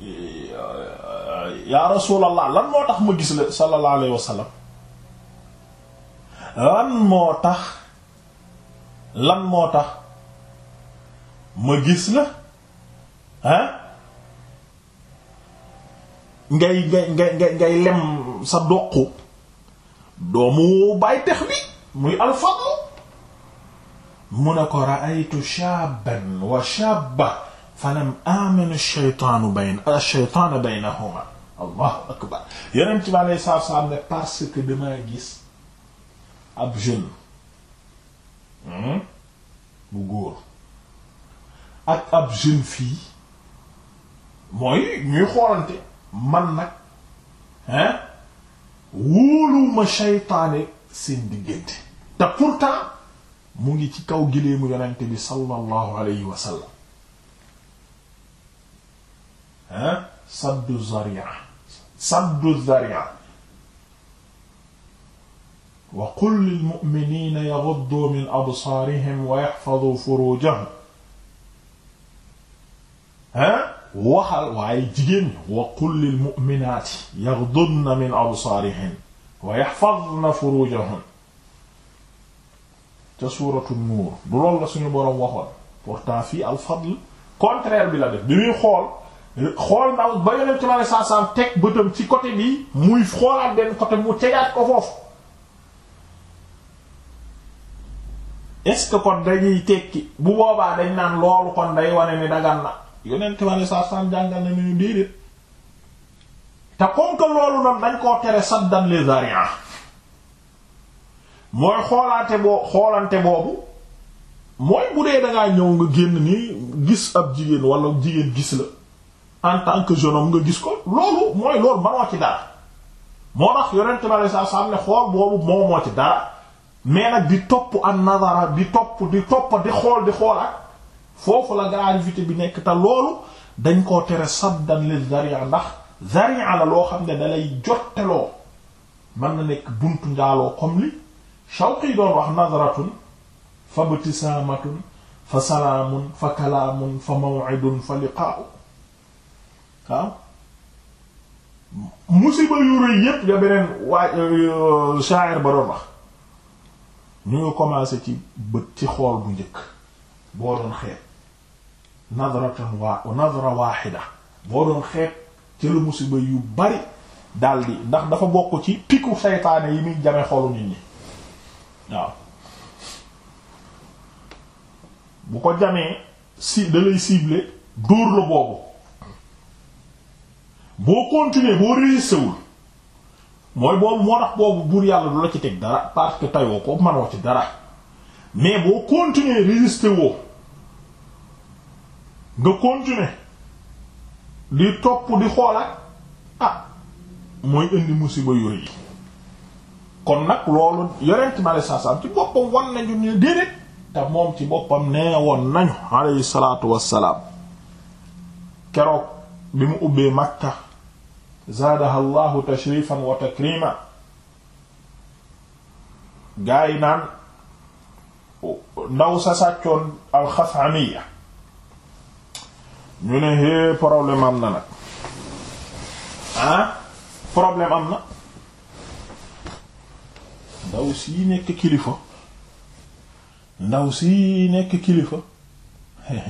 eh, yaa rasulallah lan moo tax ma gis la sallallahu alayhi wa sallam lan moo tax lan moo tax ma gis la ah ngay ngay ngay ngay lem sa doq doomu bàyyi tex bi muy alfadlu mu ne ko ra'aytu shaaban wa shaaba falam aamana ash-shaytaanu bayna ash-shaytaanu baynahuma allahu akbar yeneen ci bàyyi saaf saaf ne parce que damaa gis ab jeune hmm, bu góor ak ab jeune fille mooy ñuy xoolante man nag hein wóoluwuma shaytaane seen diggante te pourtant mu ngi ci kaw gileemu yonente bi sallallahu alayhi wa sallam ah saddu zaria saddu zaria wa qul lil mu'minina yaghuddu min absaarihim wa yahfadhu furujahum ha waxal waaye jigéen wa qul lil mu'minaati yaghdudna min absaarihin wa yahfazna furujahun ca suuratu nuur du loolu la suñu boroom waxoon pourtant fii al fadl contraire bi la def bi muy xool xool ndaw ba yonent ma ne saasaam teg bëtam ci côté bi muy xoolaat den côté mu tegaat ko foofu est-ce que kon tekki bu boobaa dañ naan loolu kon day wane ni dagan na yonent ma ne sarsam jàngal na ñu déedéet te comme que loolu noonu dañ koo tere saddan les zari'a mooy xoolaate boobu mooy bu dee dangaa ñëw nga génn nii gis ab jigéen wala jigéen gis la en tant que jeune nga gis ko loolu mooy loolu manoo ci dara moo tax yonent ma ne sarsam ne xool boobu moo ci dara mais nag topp an nazara di topp di topp di xool di xoolaat foofu la gravité bi nekk te loolu dañ koo tere saddan li zaria ndax zaria la loo xam ne dalay jotteloo man na nekk buntu njaaloo comme li Shawqi doon wax nadratun fa btisaamatun fa salaamun fa kalaamun fa maw'idun fa liqaa'u waaw musiba yu rëy yépp ya beneen waaj euh, euh, sha'ir ba doon wax ñu ngi commencé ci bët ci xool bu njëkk boo doon xeet nadratan wa nadra waaxida boo doon xeet ci lu musiba yu bari daldi ndax dafa bokk ci piku seytaane yi muy jame xolu nit ñi waaw bu ko jamee si da lay cibler dóor la boobu boo continuer boo réussewul mooy boobu moo tax boobu buur yàlla du la ci teg dara parce que tayoo ko manoo ci dara mais boo continuer résister woo nga continuer di topp di xoolaat ah mooy indi musiba yooyu kon nag loolu yorent mi alei satu salaam ci boppam wan nañu ne déedéet te moom ci boppam nee woon nañu aleyhi salaatu wassalaam keroog bi mu ubbee Makka zaadaha llahu tashrifan wa takrima gaa naan ndaw sa sàccoon alxasamiya ñu ne hé problème am na nag ah problème am na ndaw si nekk kilifa ndaw si nekk kilifa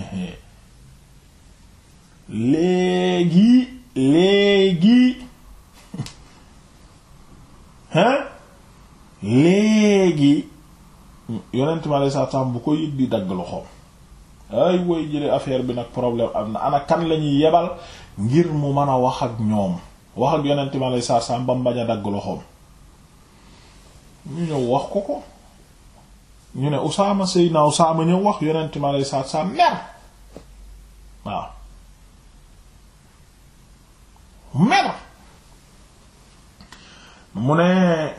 léegi léegi hein léegi yonent ma lay saa saam bu ko yit di dagg loxoom ay woy jële affaire bi nag problème am na ana kan la ñuy yebal ngir mu mën a wax ak ñoom wax ak yonent mi aleyhi salaatu salaam ba mu bañ a dagg loxoom ñu ñëw wax ko ko ñu ne Usaama Seydina Usaama ñëw wax yonent mi aleyhi salaatu salaam mer waaw mer mu ne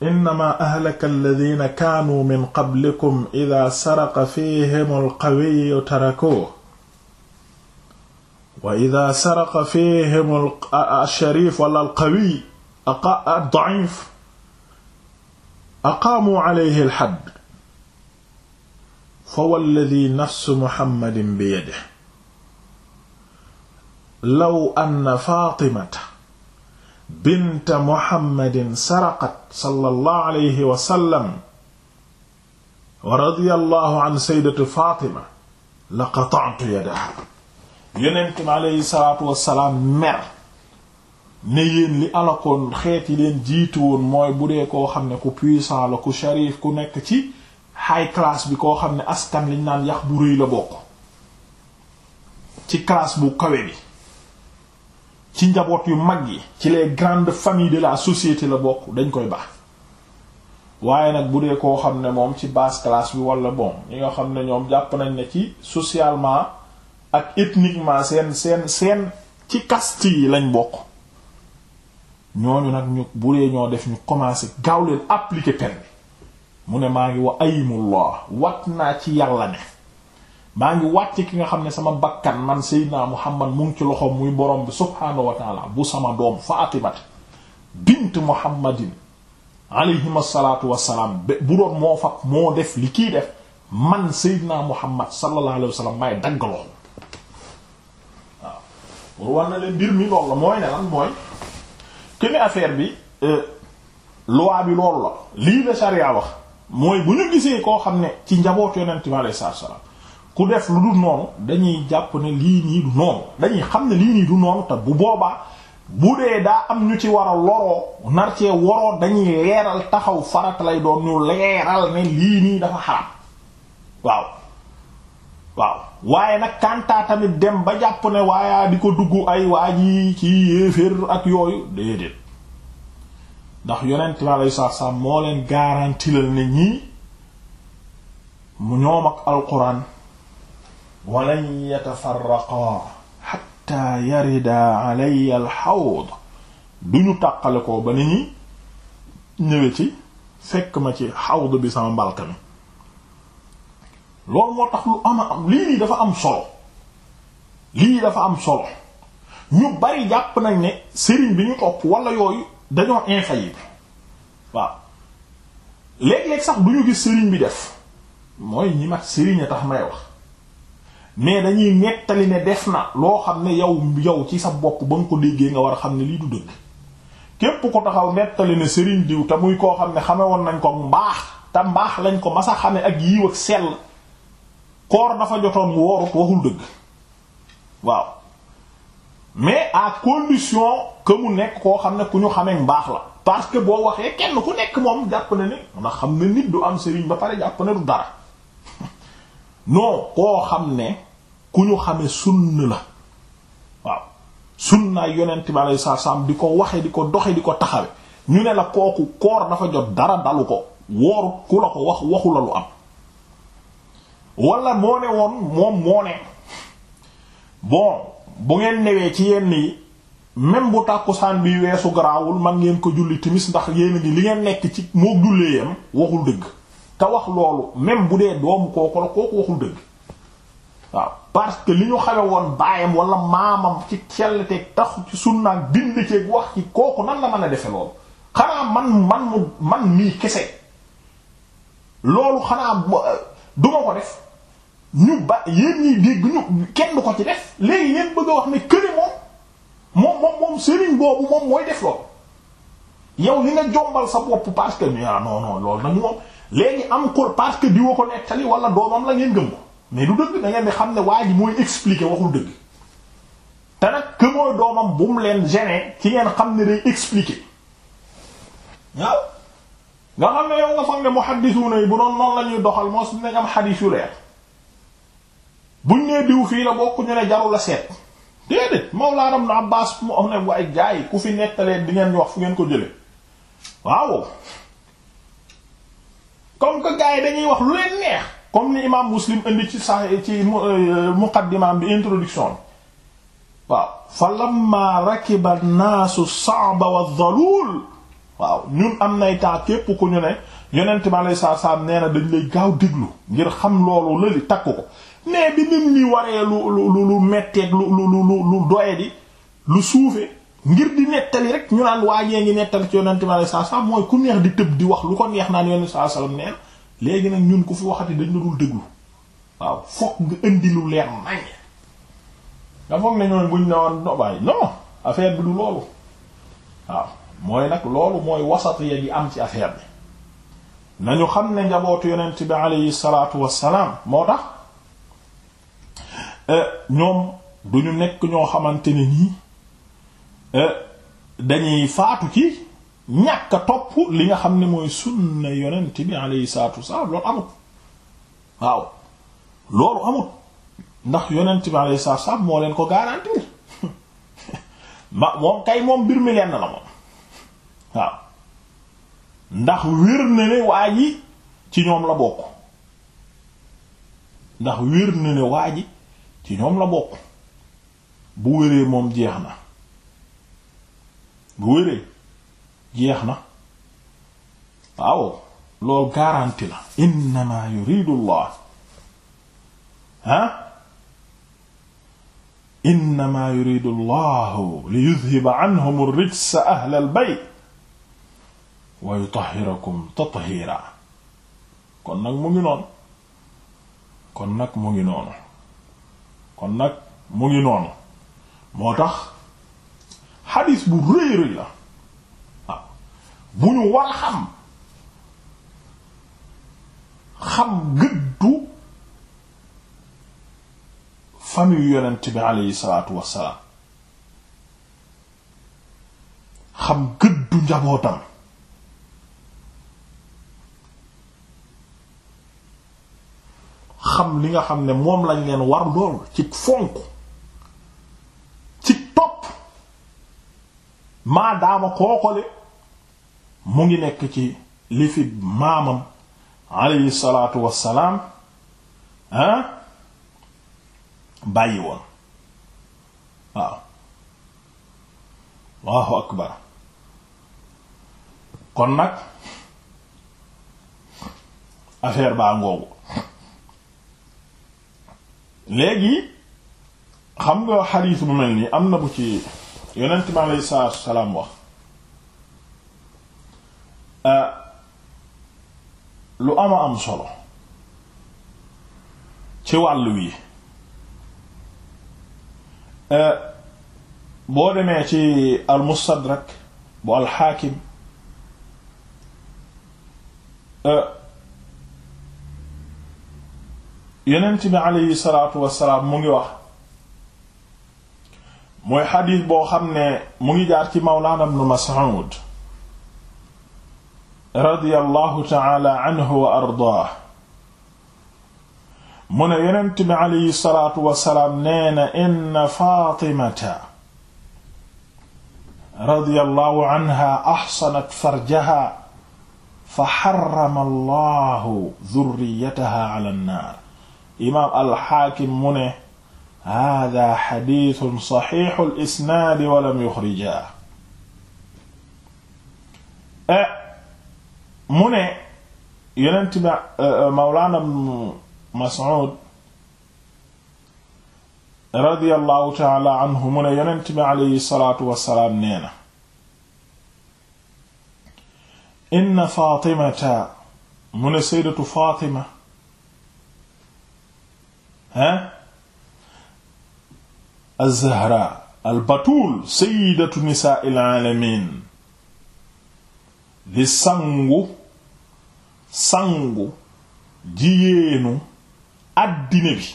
innama ahlaka alladina kaanuu min qablikum ida saraqa fihim alqawiyu tarakuuhu wa ida saraqa fihim alsharif wala alqawiy addaif aqaamuu alayhi alxadd fa walladi nafsu muhammadin biyadihi law anna faatimata binta muhammadin saraqat sallallahu alayhi wa sallam wa radiyallahu an sayyidati fatima la qata'tu yadaha yonent mi aleyhi salaatu wassalaam mer ne yéen li alakoon xeet yi leen jiitu woon mooy bu dee koo xam ne ku puissant la ku sharif ku nekk ci high class bi koo xam ne askan liñ naan yax bu rëy la bokk ci classe bu kawe bi ci njaboot yu mag yi ci les grandes familles de la société la bokk dañ koy baax waaye nag bu dee koo xam ne moom ci basse classe bi wala bon ñi nga xam ne ñoom jàpp nañ ne ci socialement ak ethniquement seen seen seen ci caste yi lañ bokk ñooñu nag ñu bu dee ñoo def ñu commencé gaaw leen appliquer peine mu ne maa ngi wa ayimullah wat naa ci yàlla ne maa ngi wàcc ki nga xam ne sama bakkan man Seydina Muhammad mu ngi ci loxoom muy borom bi subhaanahu wa bu sama doom Faatimat bint Muhammadin alayhim asalaatu wasalaam bu doon moo fag moo def li kii def man Seydina Muhammad sallallahu alayhi wa sallam maay dagg loxo waaw pour war na leen mbir mi loolu la mooy ne lan mooy kene affaire bi euh, loi bi loolu la lii la charia wax mooy bu ñu gisee koo xam ne ci njabootu yonent bi alayhi salaam ku def lu dul noonu dañuy jàpp ne lii nii du noonu dañuy xam ne lii nii du noonu te bu boobaa bu dee daa am ñu ci war a loroo nar cee waroo dañuy leeral taxaw farata lay doon ñu leeral ne lii nii dafa xaram waaw waaye nag kantaa tamit dem ba jàpp ne waayaa di ko dugg ay waa yi ci yéeféer ak yooyu déedéet ndax yonent la lay sax sax moo leen garantilal ne ñii mu ñoom ak alquran walan yatafarraqaa xatta yarida alaya alxawd duñu taqale ko ba ni ñi ñëwee ci fekk ma ci xawd bi sama mbalka mi loolu moo tax lu ama am lii nii dafa am solo lii dafa am solo ñu bari jàpp nañ ne sëriñ bi ñu topp walla yooyu dañoo infaillible waaw léeg-léeg sax du gis sëriñ bi def mooy ñi mat sëriñ a tax may wax mais dañuy nettali ne def na loo xam ne yow yow ci sa bopp ba nga ko déggee nga war a xam ne lii du dëgg képp ko taxaw nettali ne Serigne diw te muy koo xam ne xame woon nañ ko mbaax te mbaax lañ ko masa xame ak yiw ak sell koor dafa jotoon mu woorut waaw mais à condition que nekk koo xam ne ku ñu xamee mbaax la parce que boo waxee kenn ku nekk moom jàpp na ne ndax xam ne nit du am Serigne ba pare jàpp na du dara non koo xam ne ku ñu xame sunn la waaw sunnaay yonent bi alayhi salaam di ko waxee di ko doxe di ko taxawe ñu ne la kooku koor dafa jot dara dalu ko wooru ku la ko wax waxu la lu am wala moo ne woon moom moo ne boo bu ngeen newee ci yenn yi même bu tàkkusaan bi weesu garaawul mag ngeen ko julli timis ndax yéen a ngi li ngeen nekk ci moo jullee yam waxul dëgg te wax loolu même bu dee doomu kooku la kooku waxul dëgg waaw parce que li ñu xame woon baayam wala maamam ci sellteeg tax ci sunnaag bind ceeg wax ci kooku nan la mën a defe loolu xanaa man man mu man mii kese loolu xanaa euh, duma ko def ñu ba yéen ñiy dégg ñu kenn du ko ci def léegi yéen bëgg a wax ne këri moom moom moom moom sëriñ boobu moom mooy def loolu yow li nga jombal sa bopp parce que ah non non loolu nag moom léegi am kur parce que diwa ko nettali wala doomam la ngeen gëm ko mais du dëgg da ngeen di xam ne waa ji mooy expliquer waxul dëgg te nag que doomam bu mu leen gêner ci ngeen xam ne day expliquer waaw nga xam ne yow nga foog ne muhaddisuuna yi bu doon noonu la ñuy doxal moo su nekk am xadiis yu leer buñ nee diw fii la bokk ñu ne jarul la seet déedéet Mawlaana Ibn Abbaas mu am ne waaye gaa yi ku fi nettalee di ngeen ñu wax fu ngeen ko jëlee waaw comme que gaa yi dañuy wax lu leen neex. comme ni imam muslim indi ci sax ci euh, muqaddimaam bi introduction bi waaw fa lamma rakiba naasu saaba wa dalul waaw ñun am nay taa képp ku ñu ne yonent bi alei saatu salaam nee na dañ lay gaaw déglu ngir xam loolu lali takk ko mais bi nim lu lu lu metteeg lu di lu suufe ngir di nettali rek ñu naan waajee ngi nettali ci yonent bi alei saatu salaam mooy ku neex di tëb di wax lu ko neex naan yonent saa salaam nee léegi nag ñun ko fi waxati dañ la dul déglu waaw fokk nga indi lu leer nañ nga foog ne ñooñu buñ ne woon nobaay non affaire bi du loolu waaw mooy nag loolu mooy wasat yi di am ci affaire bi nañu xam ne njabootu yonent bi alayhi salaatu wassalaam moo tax eh, ñoom duñu nekk ñoo xamante ne nii eh, dañuy faatu ci ñàkk topp li nga xam ne mooy sunna yonent bi alayhi salaatu wasalaam loolu amut waaw loolu amut ndax yonent bi alayhi salaatu wasalaam moo leen ko garantir ma moom kay moom mbir mi lenn la moom waaw ndax wér na ne waa ji ci ñoom la bokk ndax wér na ne waa ji ci ñoom la bokk bu wéree moom jeex na bu wéree jeex na waaw loolu garanti la innama yuridu llah ah innama yuridu llahu li anhum al-bayt wa yutahhirakum tathira kon nag mu ngi noonu kon nag mu ngi noonu kon nag mu ngi moo tax xadiis bu la bu ñu war xam xam gëddu famille yonent bi aleyhi salaatu wassalaam xam gëddu njabootam xam li nga xam ne moom lañ leen war lool ci fonk ci topp maadaama kookole mu ngi nekk ci li fi maamam alayhi salaatu wassalaam ah bàyyi woon waaw Allahu akbar kon nag affaire baa ngoogu léegi xam nga xadiis bu mel nii am na bu ci yonent mi alayhi salaatu wassalaam wax Euh, lu ama am solo ci wàllu yi euh, boo demee ci al mustadrak bu al xaakim euh, yonent bi aleyhi salaatu wasalaam mu ngi wax mooy xadiis boo xam ne mu ngi jaar ci mawlaana ibnu Mas'ud radiyallahu taala anhu wa ardaah mu ne yonent bi aleyhi salaatu wasalaam nee na inna faatimata radiyallahu anha axsanat farjaha fa xarama allahu durriyataha ala nnaar imaam alxaakim mu ne hada xadiisun saxiixu lisnaadi walam yuxrijaa eh, mu ne yonent bi eh, eh, Mawlana Mas'ud radiyallahu taala anhu mu ne yonent bi aleyhi salaatu wassalaam nee na inna Faatimata mu ne saydatu Faatima ha eh, az-Zahra al-Batuul sayyidatu nisaa il-aalamiin di sangu sangu jigéenu àddina bi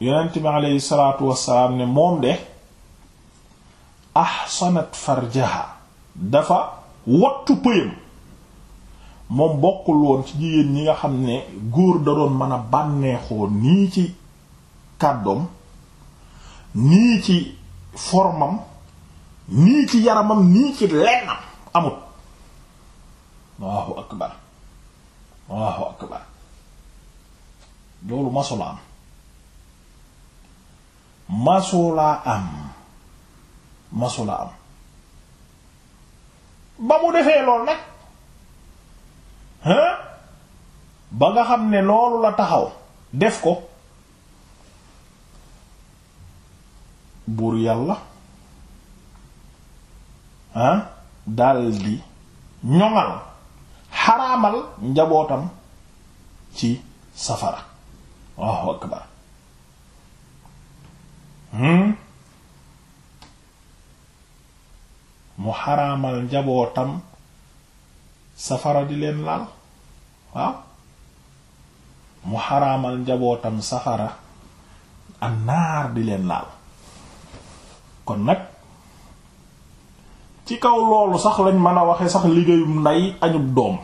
yonent bi aleyhi salaatu wassalaam ne moom de ahsanat farjaha dafa wattu pëyam moom bokkul woon ci jigéen ñi nga xam ne góor da doon mën a bànneexoo nii ci kàddoom nii ci formam nii ci yaramam nii ci lennam amut Allahu akbar Allahu akbar loolu masula am masula am masula am ba mu defee lool nag hein ba nga xam ne loolu la taxaw def ko buur yàlla ah daldi ñoŋal xaraamal njabootam ci safara waaw akbar hmm? mu xaraamal njabootam safara di leen laal waaw mu xaraamal njabootam safara annaar di leen laal kon nag ci kaw loolu sax lañ mën a waxe sax liggéeyum ndey añub doom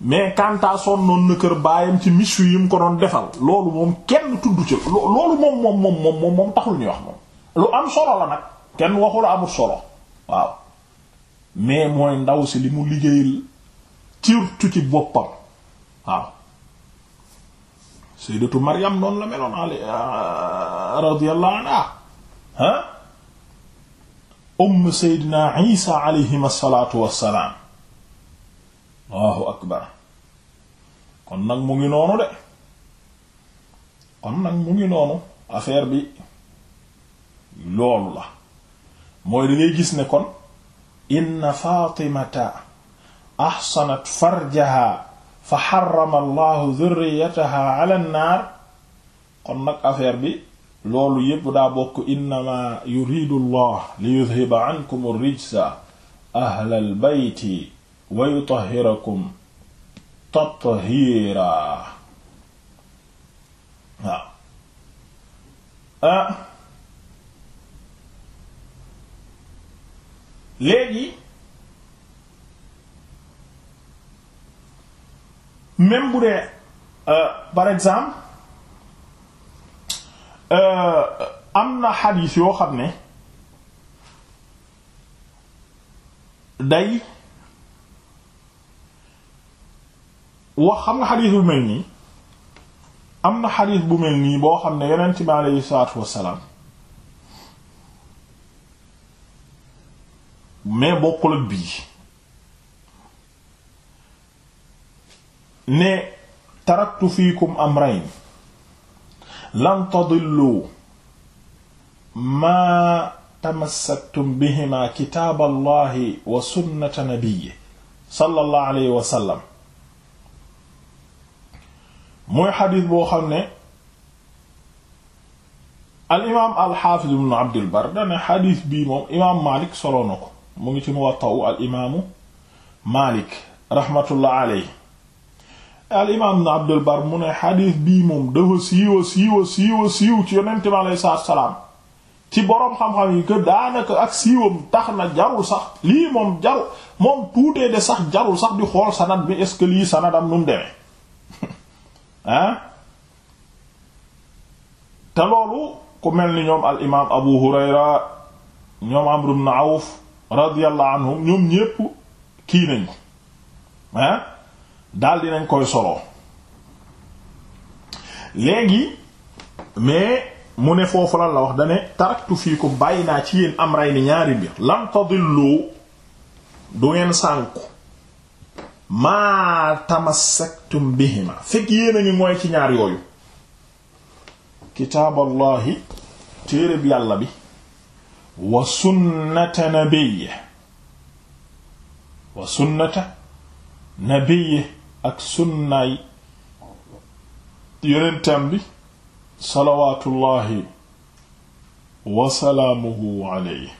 mais Kantaa noon na kër baayam ci miss yi mu ko doon defal loolu moom kenn tudd ci loolu moom moom moom moom taxul ñuy wax moom. lu am solo la nag kenn waxul amul solo waaw mais mooy ndaw si li mu liggéey surtout ci boppam waaw. Sayyidatu Maryam noonu la meloon Ali euh, radiyallahu anha ah. Umm Seydina Isa alayhi salaatu wassalaam Allahu akbar kon nag mu ngi noonu de kon nag mu ngi noonu affaire bi loolu la mooy da ngay gis ne kon inna fatimata axsanat farjaha fa xarama allahu dhurriyataha ala nnaar kon nag affaire bi loolu yépp daa bokk innama yuridu allah li yudhiba ankum ar-rijsa ahlal bayti wa yutahhirakum tathiira waaw ah léegi même bu dee euh, par exemple euh, am na xadiis yoo xam ne day wax xam nga xadiis bu mel nii am na xadiis bu mel nii boo xam ne yonent bi aleyhi salaatu wassalaam mais bokkul ak bii ne taraktu fiikum amrayn lan tadillu maa tamassaktum bihimaa kitaaballahi wa sunnata nabiyyi sallallahu alayhi wa sallam mooy xadis boo xam ne al imaam al xaafiz ibn Abdul bii moom imaam Maalik soloo mu ngi ci Muwatta al imaamu Maalik rahmatullah aleyhi al imaam ibn mu ne xadis bii moom dafa siiwa siiwa siiwa siiw ci yonent mi aleyhi salaam ci boroom xam-xam yi que daanaka ak siiwam tax na jarul sax lii moom jarul moom tuutee de sax jarul sax di xool sanad bi est ce que lii sanadam nu mu ah te loolu ku mel ni ñoom al imaam Abu Hurayra ñoom Amr ibn Awf radiyallahu anhum ñoom ñépp kii nañ ko ah koy solo léegi mais mu ne foofu lan la wax dane taraktu ko bàyyi naa ci yéen amrayni ñaari mbir lan tadillu du ngeen sànku maa tamassaktum bihima fekk yéena ngi mooy ci ñaar yooyu kitaaballahi téeréb yàlla bi wa sunnata nabiyyi wa sunnata nabiyyi ak sunnaay yonentam bi salawaatullahi wa salaamuhu alayhi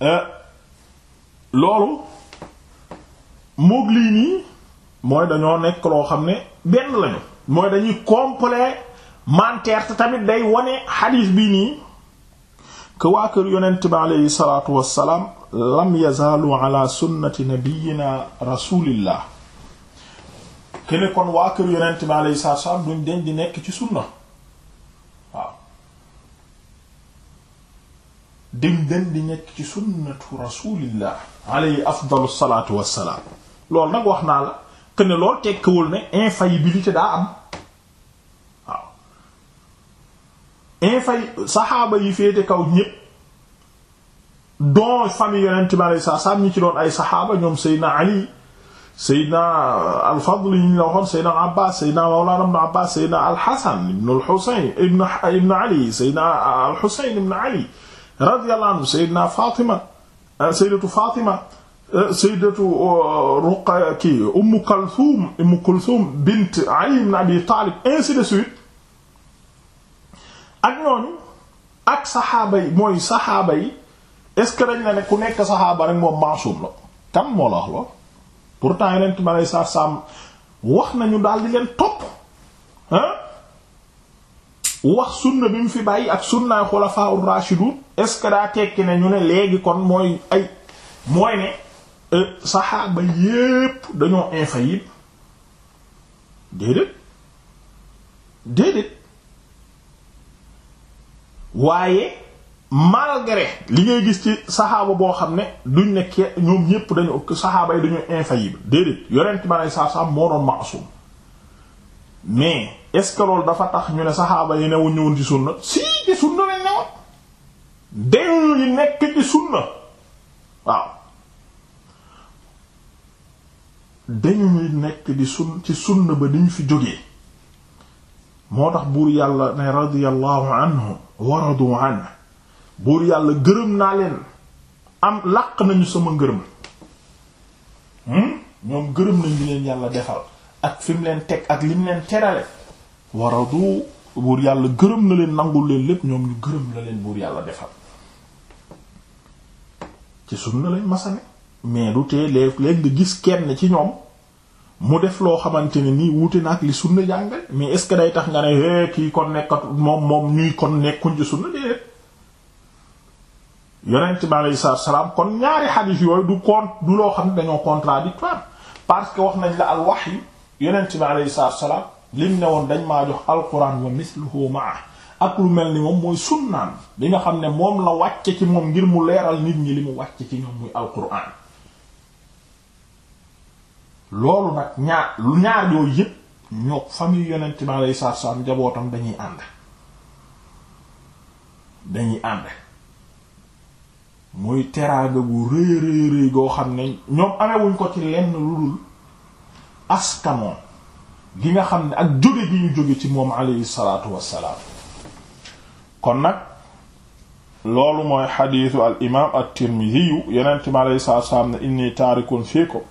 eh, loolu moog lii nii mooy dañoo nekk loo xam ne benn lañu mooy dañuy complémentaire te tamit day wone xadiis bi nii que waa kër yonent bi aleyhi salaatu wassalaam lam yazaalu ala sunnati nabiyina rasulillah kene kon waa kër yonent bi aleyhi salaatu wassalaam duñ deñ di nekk ci sunna dim den di nekk ci sunnatu rasulillah alayhi afdalu salatu wassalaam nag wax naa la que ne lool tekkiwul ne infaillibilité daa am waaw infailli saxaaba yi féete kaw ñépp don famille yonent bi ci doon ay saxaaba ñoom Seydina Ali Seydina al-Fadl ñu la waxoon Seydina Abbas Seydina Ali Seydina al-Husayn Ali radiyallahu anhu sayyidina Fatima eh, sayyidatu Fatima eh, sayyidatu oh, bint Ali ibn Abi Talib ainsi de suite ak ñooñu ak saxaaba yi mooy saxaaba yi est-ce que dañ ku nekk saxaaba rek moom maasum la tam moo la wax lool pourtant ma lay sax sàmm wax nañu daal di leen topp ah wax sunna bi mu fi bàyyi ak sunnaay xulafaa ur-rashidun est-ce que daa tekki ne ñu ne léegi kon mooy ay mooy ne euh, saxaaba yépp dañoo infaillible déedéet déedéet waaye malgré li ngay gis ci saxaaba boo xam ne duñ nekkee ñoom ñépp dañu saxaaba yi dañoo infaillible déedéet yonent ma lay sax moo doon maasum mais est-ce que loolu dafa tax ñu ne saxaaba yi newuñ ñëwoon ci sunna si ci sunna lañ newoon déw yi nekk ci sunna waaw dañuy nekk di ci sunna ba diñ fi jógee moo tax buur yàlla ne radiyallahu anhu waradu anhu buur yàlla gërëm naa leen am làq nañu sama ngërëm hmm? ñoom gërëm nañ di leen yàlla defal ak fi leen teg ak lim leen terale waradu buur yàlla gërëm na leen nangul leen lépp ñoom ñu gërëm la leen buur yàlla defal ci sunna lañ masane mais du tee léeg gis kenn ci ñoom mu def loo xamante ni nii wuute na ak li sunna jàngale mais est ce que day tax nga ne eh, kii kon nekkat moom moom ñuy kon nekkuñ ci sunna déedéet yonent bi aleyhi salaatu salaam kon ñaari xadiis yooyu du compte du loo xam ne dañoo contradictoire parce que wax nañ la al wahyi yonent bi alayhi salaatu lim ne woon dañ maa jox alquran wa misluhu maa ak lu mel ni moom mooy sunnaan li nga xam ne moom la wàcce ci moom ngir mu leeral nit ñi li mu wàcce ci ñoom muy alquran loolu nag ñaar lu ñaar yooyu yépp ñoo famille yonent bi alayhi salaatu njabootam dañuy ànd dañuy ànd muy teraanga bu rëy rëy rëy goo xam ne ñoom amewuñ ko ci lenn lu dul askanoon gi nga xam ne ak jóge gi ñu jóge ci moom aleyhi salaatu wassalaam kon nag loolu mooy xadiisu al imaam at-Tirmidhi yonent mi aleyhi salaatu wassalaam ne inni taarikun fiikum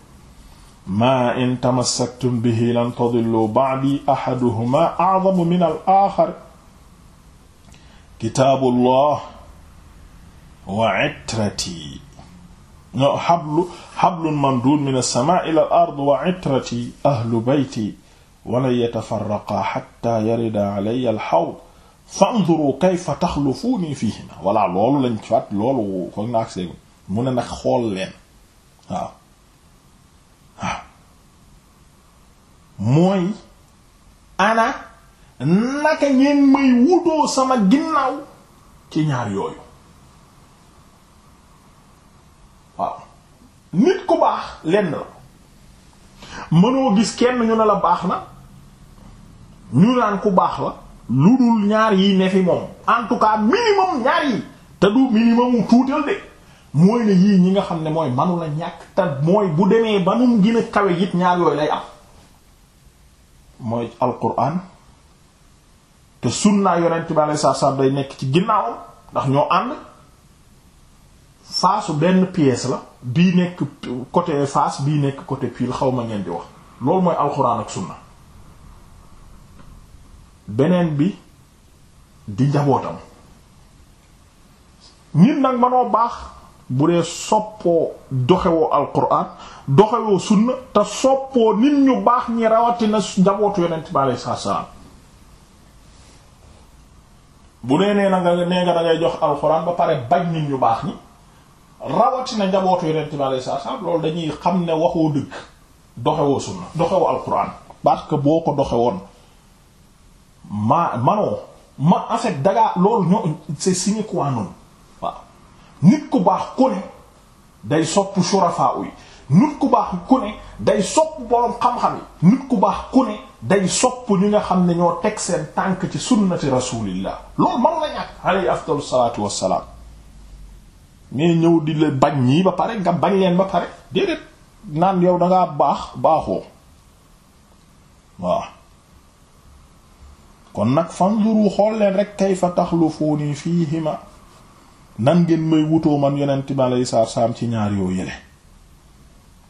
maa in tamassaktum bihi lan tadillu ba'di ahaduhuma a'zamu min al-aaxar kitaabullah wa itrati no xablu xablun mamduud min alsama ila al ard wa itrati ahlu beyti walan yatafaraqaa xatta yarida alaya alxawd fa anduru kayfa taxlufuuni fihima voilà loolu lañ fàtt loolu foog na ak seegu mu ne nag xool leen waaw waaw mooy ana naka ngeen may wutoo sama ginnaaw ci ñaar yooyu nit ku baax lenn la mënoo gis kenn ñu ne la baax na ñu naan ku baax la lu dul ñaar yi ne fi moom en tout cas ñaar yi te du minimum mu tuutal de mooy ne yii ñi nga xam ne mooy manu la ñàkk te mooy bu demee ba nu mu gën a kawe it ñaar yooyu lay am mooy alquran te sunnaa yonent bi alayhi salaam day nekk ci ginnaawam ndax ñoo ànd faasu benn pièce la bii nekk côté faas bii nekk côté pile xaw ma ngeen di wax loolu mooy alxuraan ak sunna beneen bi di njabootam nit nag manoo baax bu dee soppoo doxewoo alxuraan doxewoo sunna te soppoo nit ñu baax ñi rawatina njabootu yonent bi alayhi salaam bu nee nee na nga nee nga da ngay jox alxuraan ba pare bañ nit ñu baax ñi rawatina njabootu yonent bi alayhi salaam loolu dañuy xam ne waxoo dëgg doxewoo sunna doxewoo alquran parce que boo ko doxewoon ma manoo ma en fait dagaa loolu ñoo c'est sine qua non waaw nit ku baax ku ne day sopp shurafa yi nit ku baax ku ne day sopp boroom xam-xam yi nit ku baax ku ne day sopp ñi nga xam ne ñoo teg seen tànk ci sunnati rasulillah loolu man la ñàkk alayhi afdalu salaatu wassalaam mais ñëw di la bañ ñii ba pare nga bañ leen ba pare déedéet naan yow dangaa baax baaxoo waaw kon nag fanzuru xool leen rek kayfa taxlufuni fiihima nan ngeen may wutoo man yeneen bi alayhi salaatu salaam ci ñaar yoo yële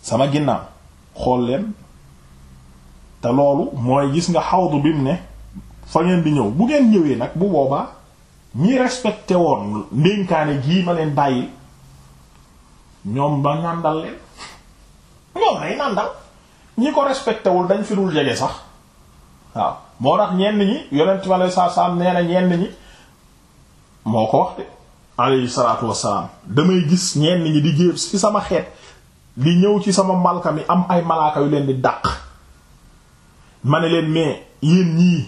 sama ginnaaw xool leen te loolu mooy gis nga xawdu bi mu ne fa ngeen di ñëw bu ngeen ñëwee nag bu boobaa ñi respecté woon ndénkaane gii ma leen bàyyi ñoom ba nàndal leen ñoom nay nàndal ñi ko respecté wul dañ fi dul jege sax waaw moo tax ñenn ñi yonent bi sa salatu salaam nee na ñenn ñi moo ko wax de alayhi salatu wasalaam damay gis ñenn ñi di jéeb ci sama xeet di ñëw ci sama malka mi am ay malaaka yu leen di dàq ma ne leen mais yéen ñii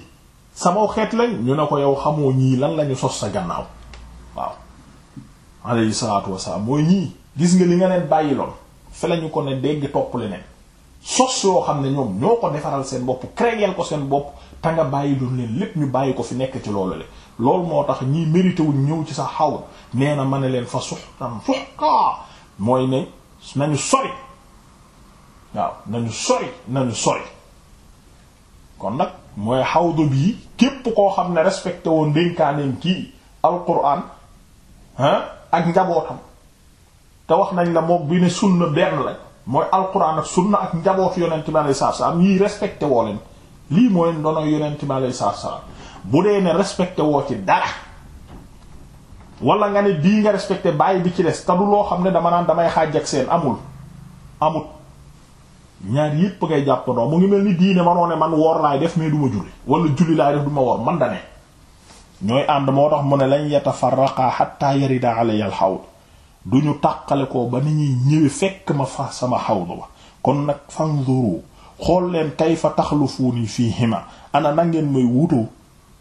sama xeet lañ ñu ne ko yow xamoo ñii lan lañu sos sa gannaaw waaw alayhi salaatu wasalaam mooy ñii gis nga li nga leen bàyyiloon fe lañu ko ne dégg topp leneen sos yoo xam ne ñoom ñoo ko defaral seen bopp créer ko seen bopp te nga bàyyi doon leen lépp ñu bàyyi ko fi nekk ci loolu le loolu moo tax ñii mérité wuñ ñëw ci sa xaw nee na ma ne leen fa suxtam suxkaa mooy ne nañu sori waaw nañu sori nañu sori kon nag mooy xawdu bii képp koo xam ne respecté woon ndénkaaneem kii alquran ah ak njabootam te wax nañ la mook bi ne sunna benn lañ mooy alquran ak sunna ak njabootu yonent bi alayhi salaatu salaam ñiy respecté woo leen lii mooy ndono yonent bi alayhi salaatu salaam bu dee ne respecté woo ci dara wala nga ne bii nga respecté bàyyi bi ci des te du loo xam ne dama naan damay xaaj ak seen amul amut ñaar yépp ngay jàppandoo mu ngi mel ni diine manoo ne man woor laay def mais du ma julli wala julli laay def du ma woor man da ñooy ànd moo tax mu ne lañ yatafarraqa hatta yarida alayya al-hawd du ko ba ni ñuy ñëwee fekk ma fa sama xawdu ba kon nag fanzuru xool leen kayfa fii fiihima ana na ngeen may wutoo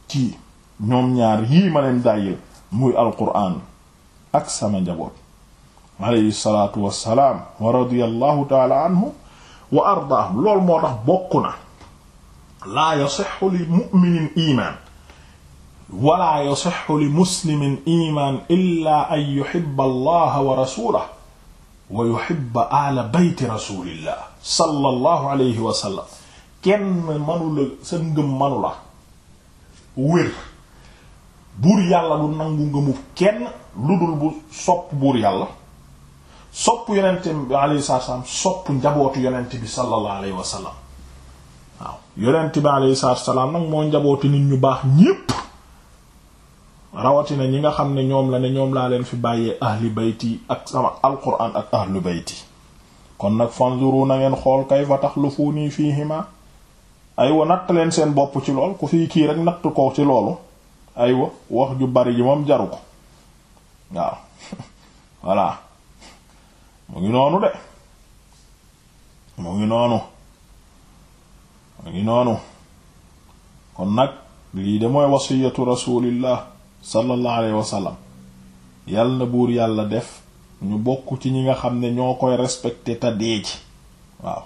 ci ñoom ñaar yii ma leen dàyyil muy alquraan ak sama njaboot alayhi salaatu wassalaam wa radiyallahu ta'ala anhu wa ardaahum loolu moo tax bokk na laa yasixu li muminin imaan wala yasixu li muslimin imaan illa an yuxiba allaha wa rasulah wa yuxiba ala beyti rasulillah sallallahu alayhi wa sallam kenn manula sa ngëm manula wér buur yàlla du nangu ngëmu kenn lu dul bu sopp buur yàlla sopp yonent bi alayhi salaam sopp njabootu yonent bi sallallahu alayhi wa sallam waaw yonent bi alayhi salaam nag moo njabootu nit ñu baax ñépp rawatina ñi nga xam ne ñoom la ne ñoom laa leen fi bàyyee ahli bayti ak sama alquran ak ahlu bayti kon nag fanzuru na ngeen xool kayfa taxlufuuni fiihima aywa natt leen seen bopp ci lool ku fii kii rek natt ko ci loolu aywa wax ju bari ji moom jaru ko waaw voilà mu ngi noonu de mu ngi noonu mu ngi noonu kon nag lii de mooy wasiyatu rasulillah sallallahu alayhi wa yàlla na buur yàlla def ñu bokk ci ñi nga xam ne ñoo koy respecté ta dee ci waaw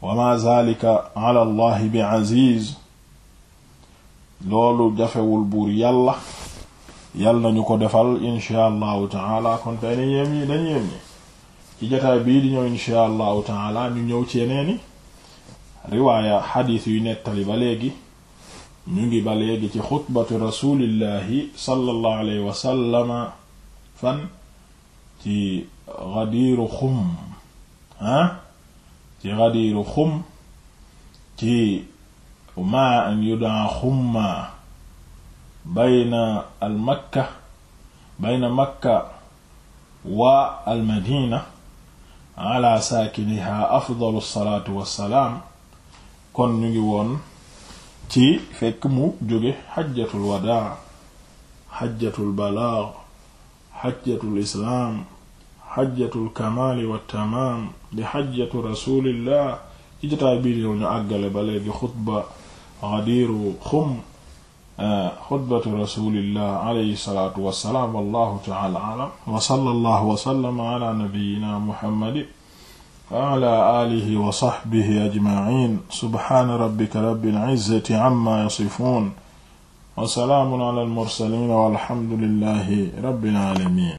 wa ma zalika bi aziz loolu jafewul buur yàlla yal nañu ko defal insha allahu taala kon tey ni yem yi dañu yem yi ci jotaay bii di ñëw insha allahu ñu ñëw ci yeneeni riwaaya xadiis yu nettali ba léegi ñu ngi ba léegi ci xutbatu rasulillahi sallallahu alayhi wa fan ci xadiiru xum ah ci xadiiru xum ci ma an yudaa xumma bayna al makka bayna makka wa al madina ala saakiniha afdalu salaatu wassalaam kon ñu ngi woon ci fekk mu jóge xajjatul wadaa xajjatul balaag xajjatul islaam xajjatul kamaali wa tamaam di xajjatu rasulillah ci jotaay bii yow ñu àggale ba léegi xutba gadiiru xum xutbatu rasulillah alayhi salaatu wa salaam wallaahu ta'aala a'lam wa sallallaahu wa sallama ala nabiyyina muhammad wa ala aalihi wa sahbihi ajma'iin subhaana rabbika rabbil izzati amma yasifuun wa salaamun ala al mursaliin walhamdulillaahi rabbil aalamiin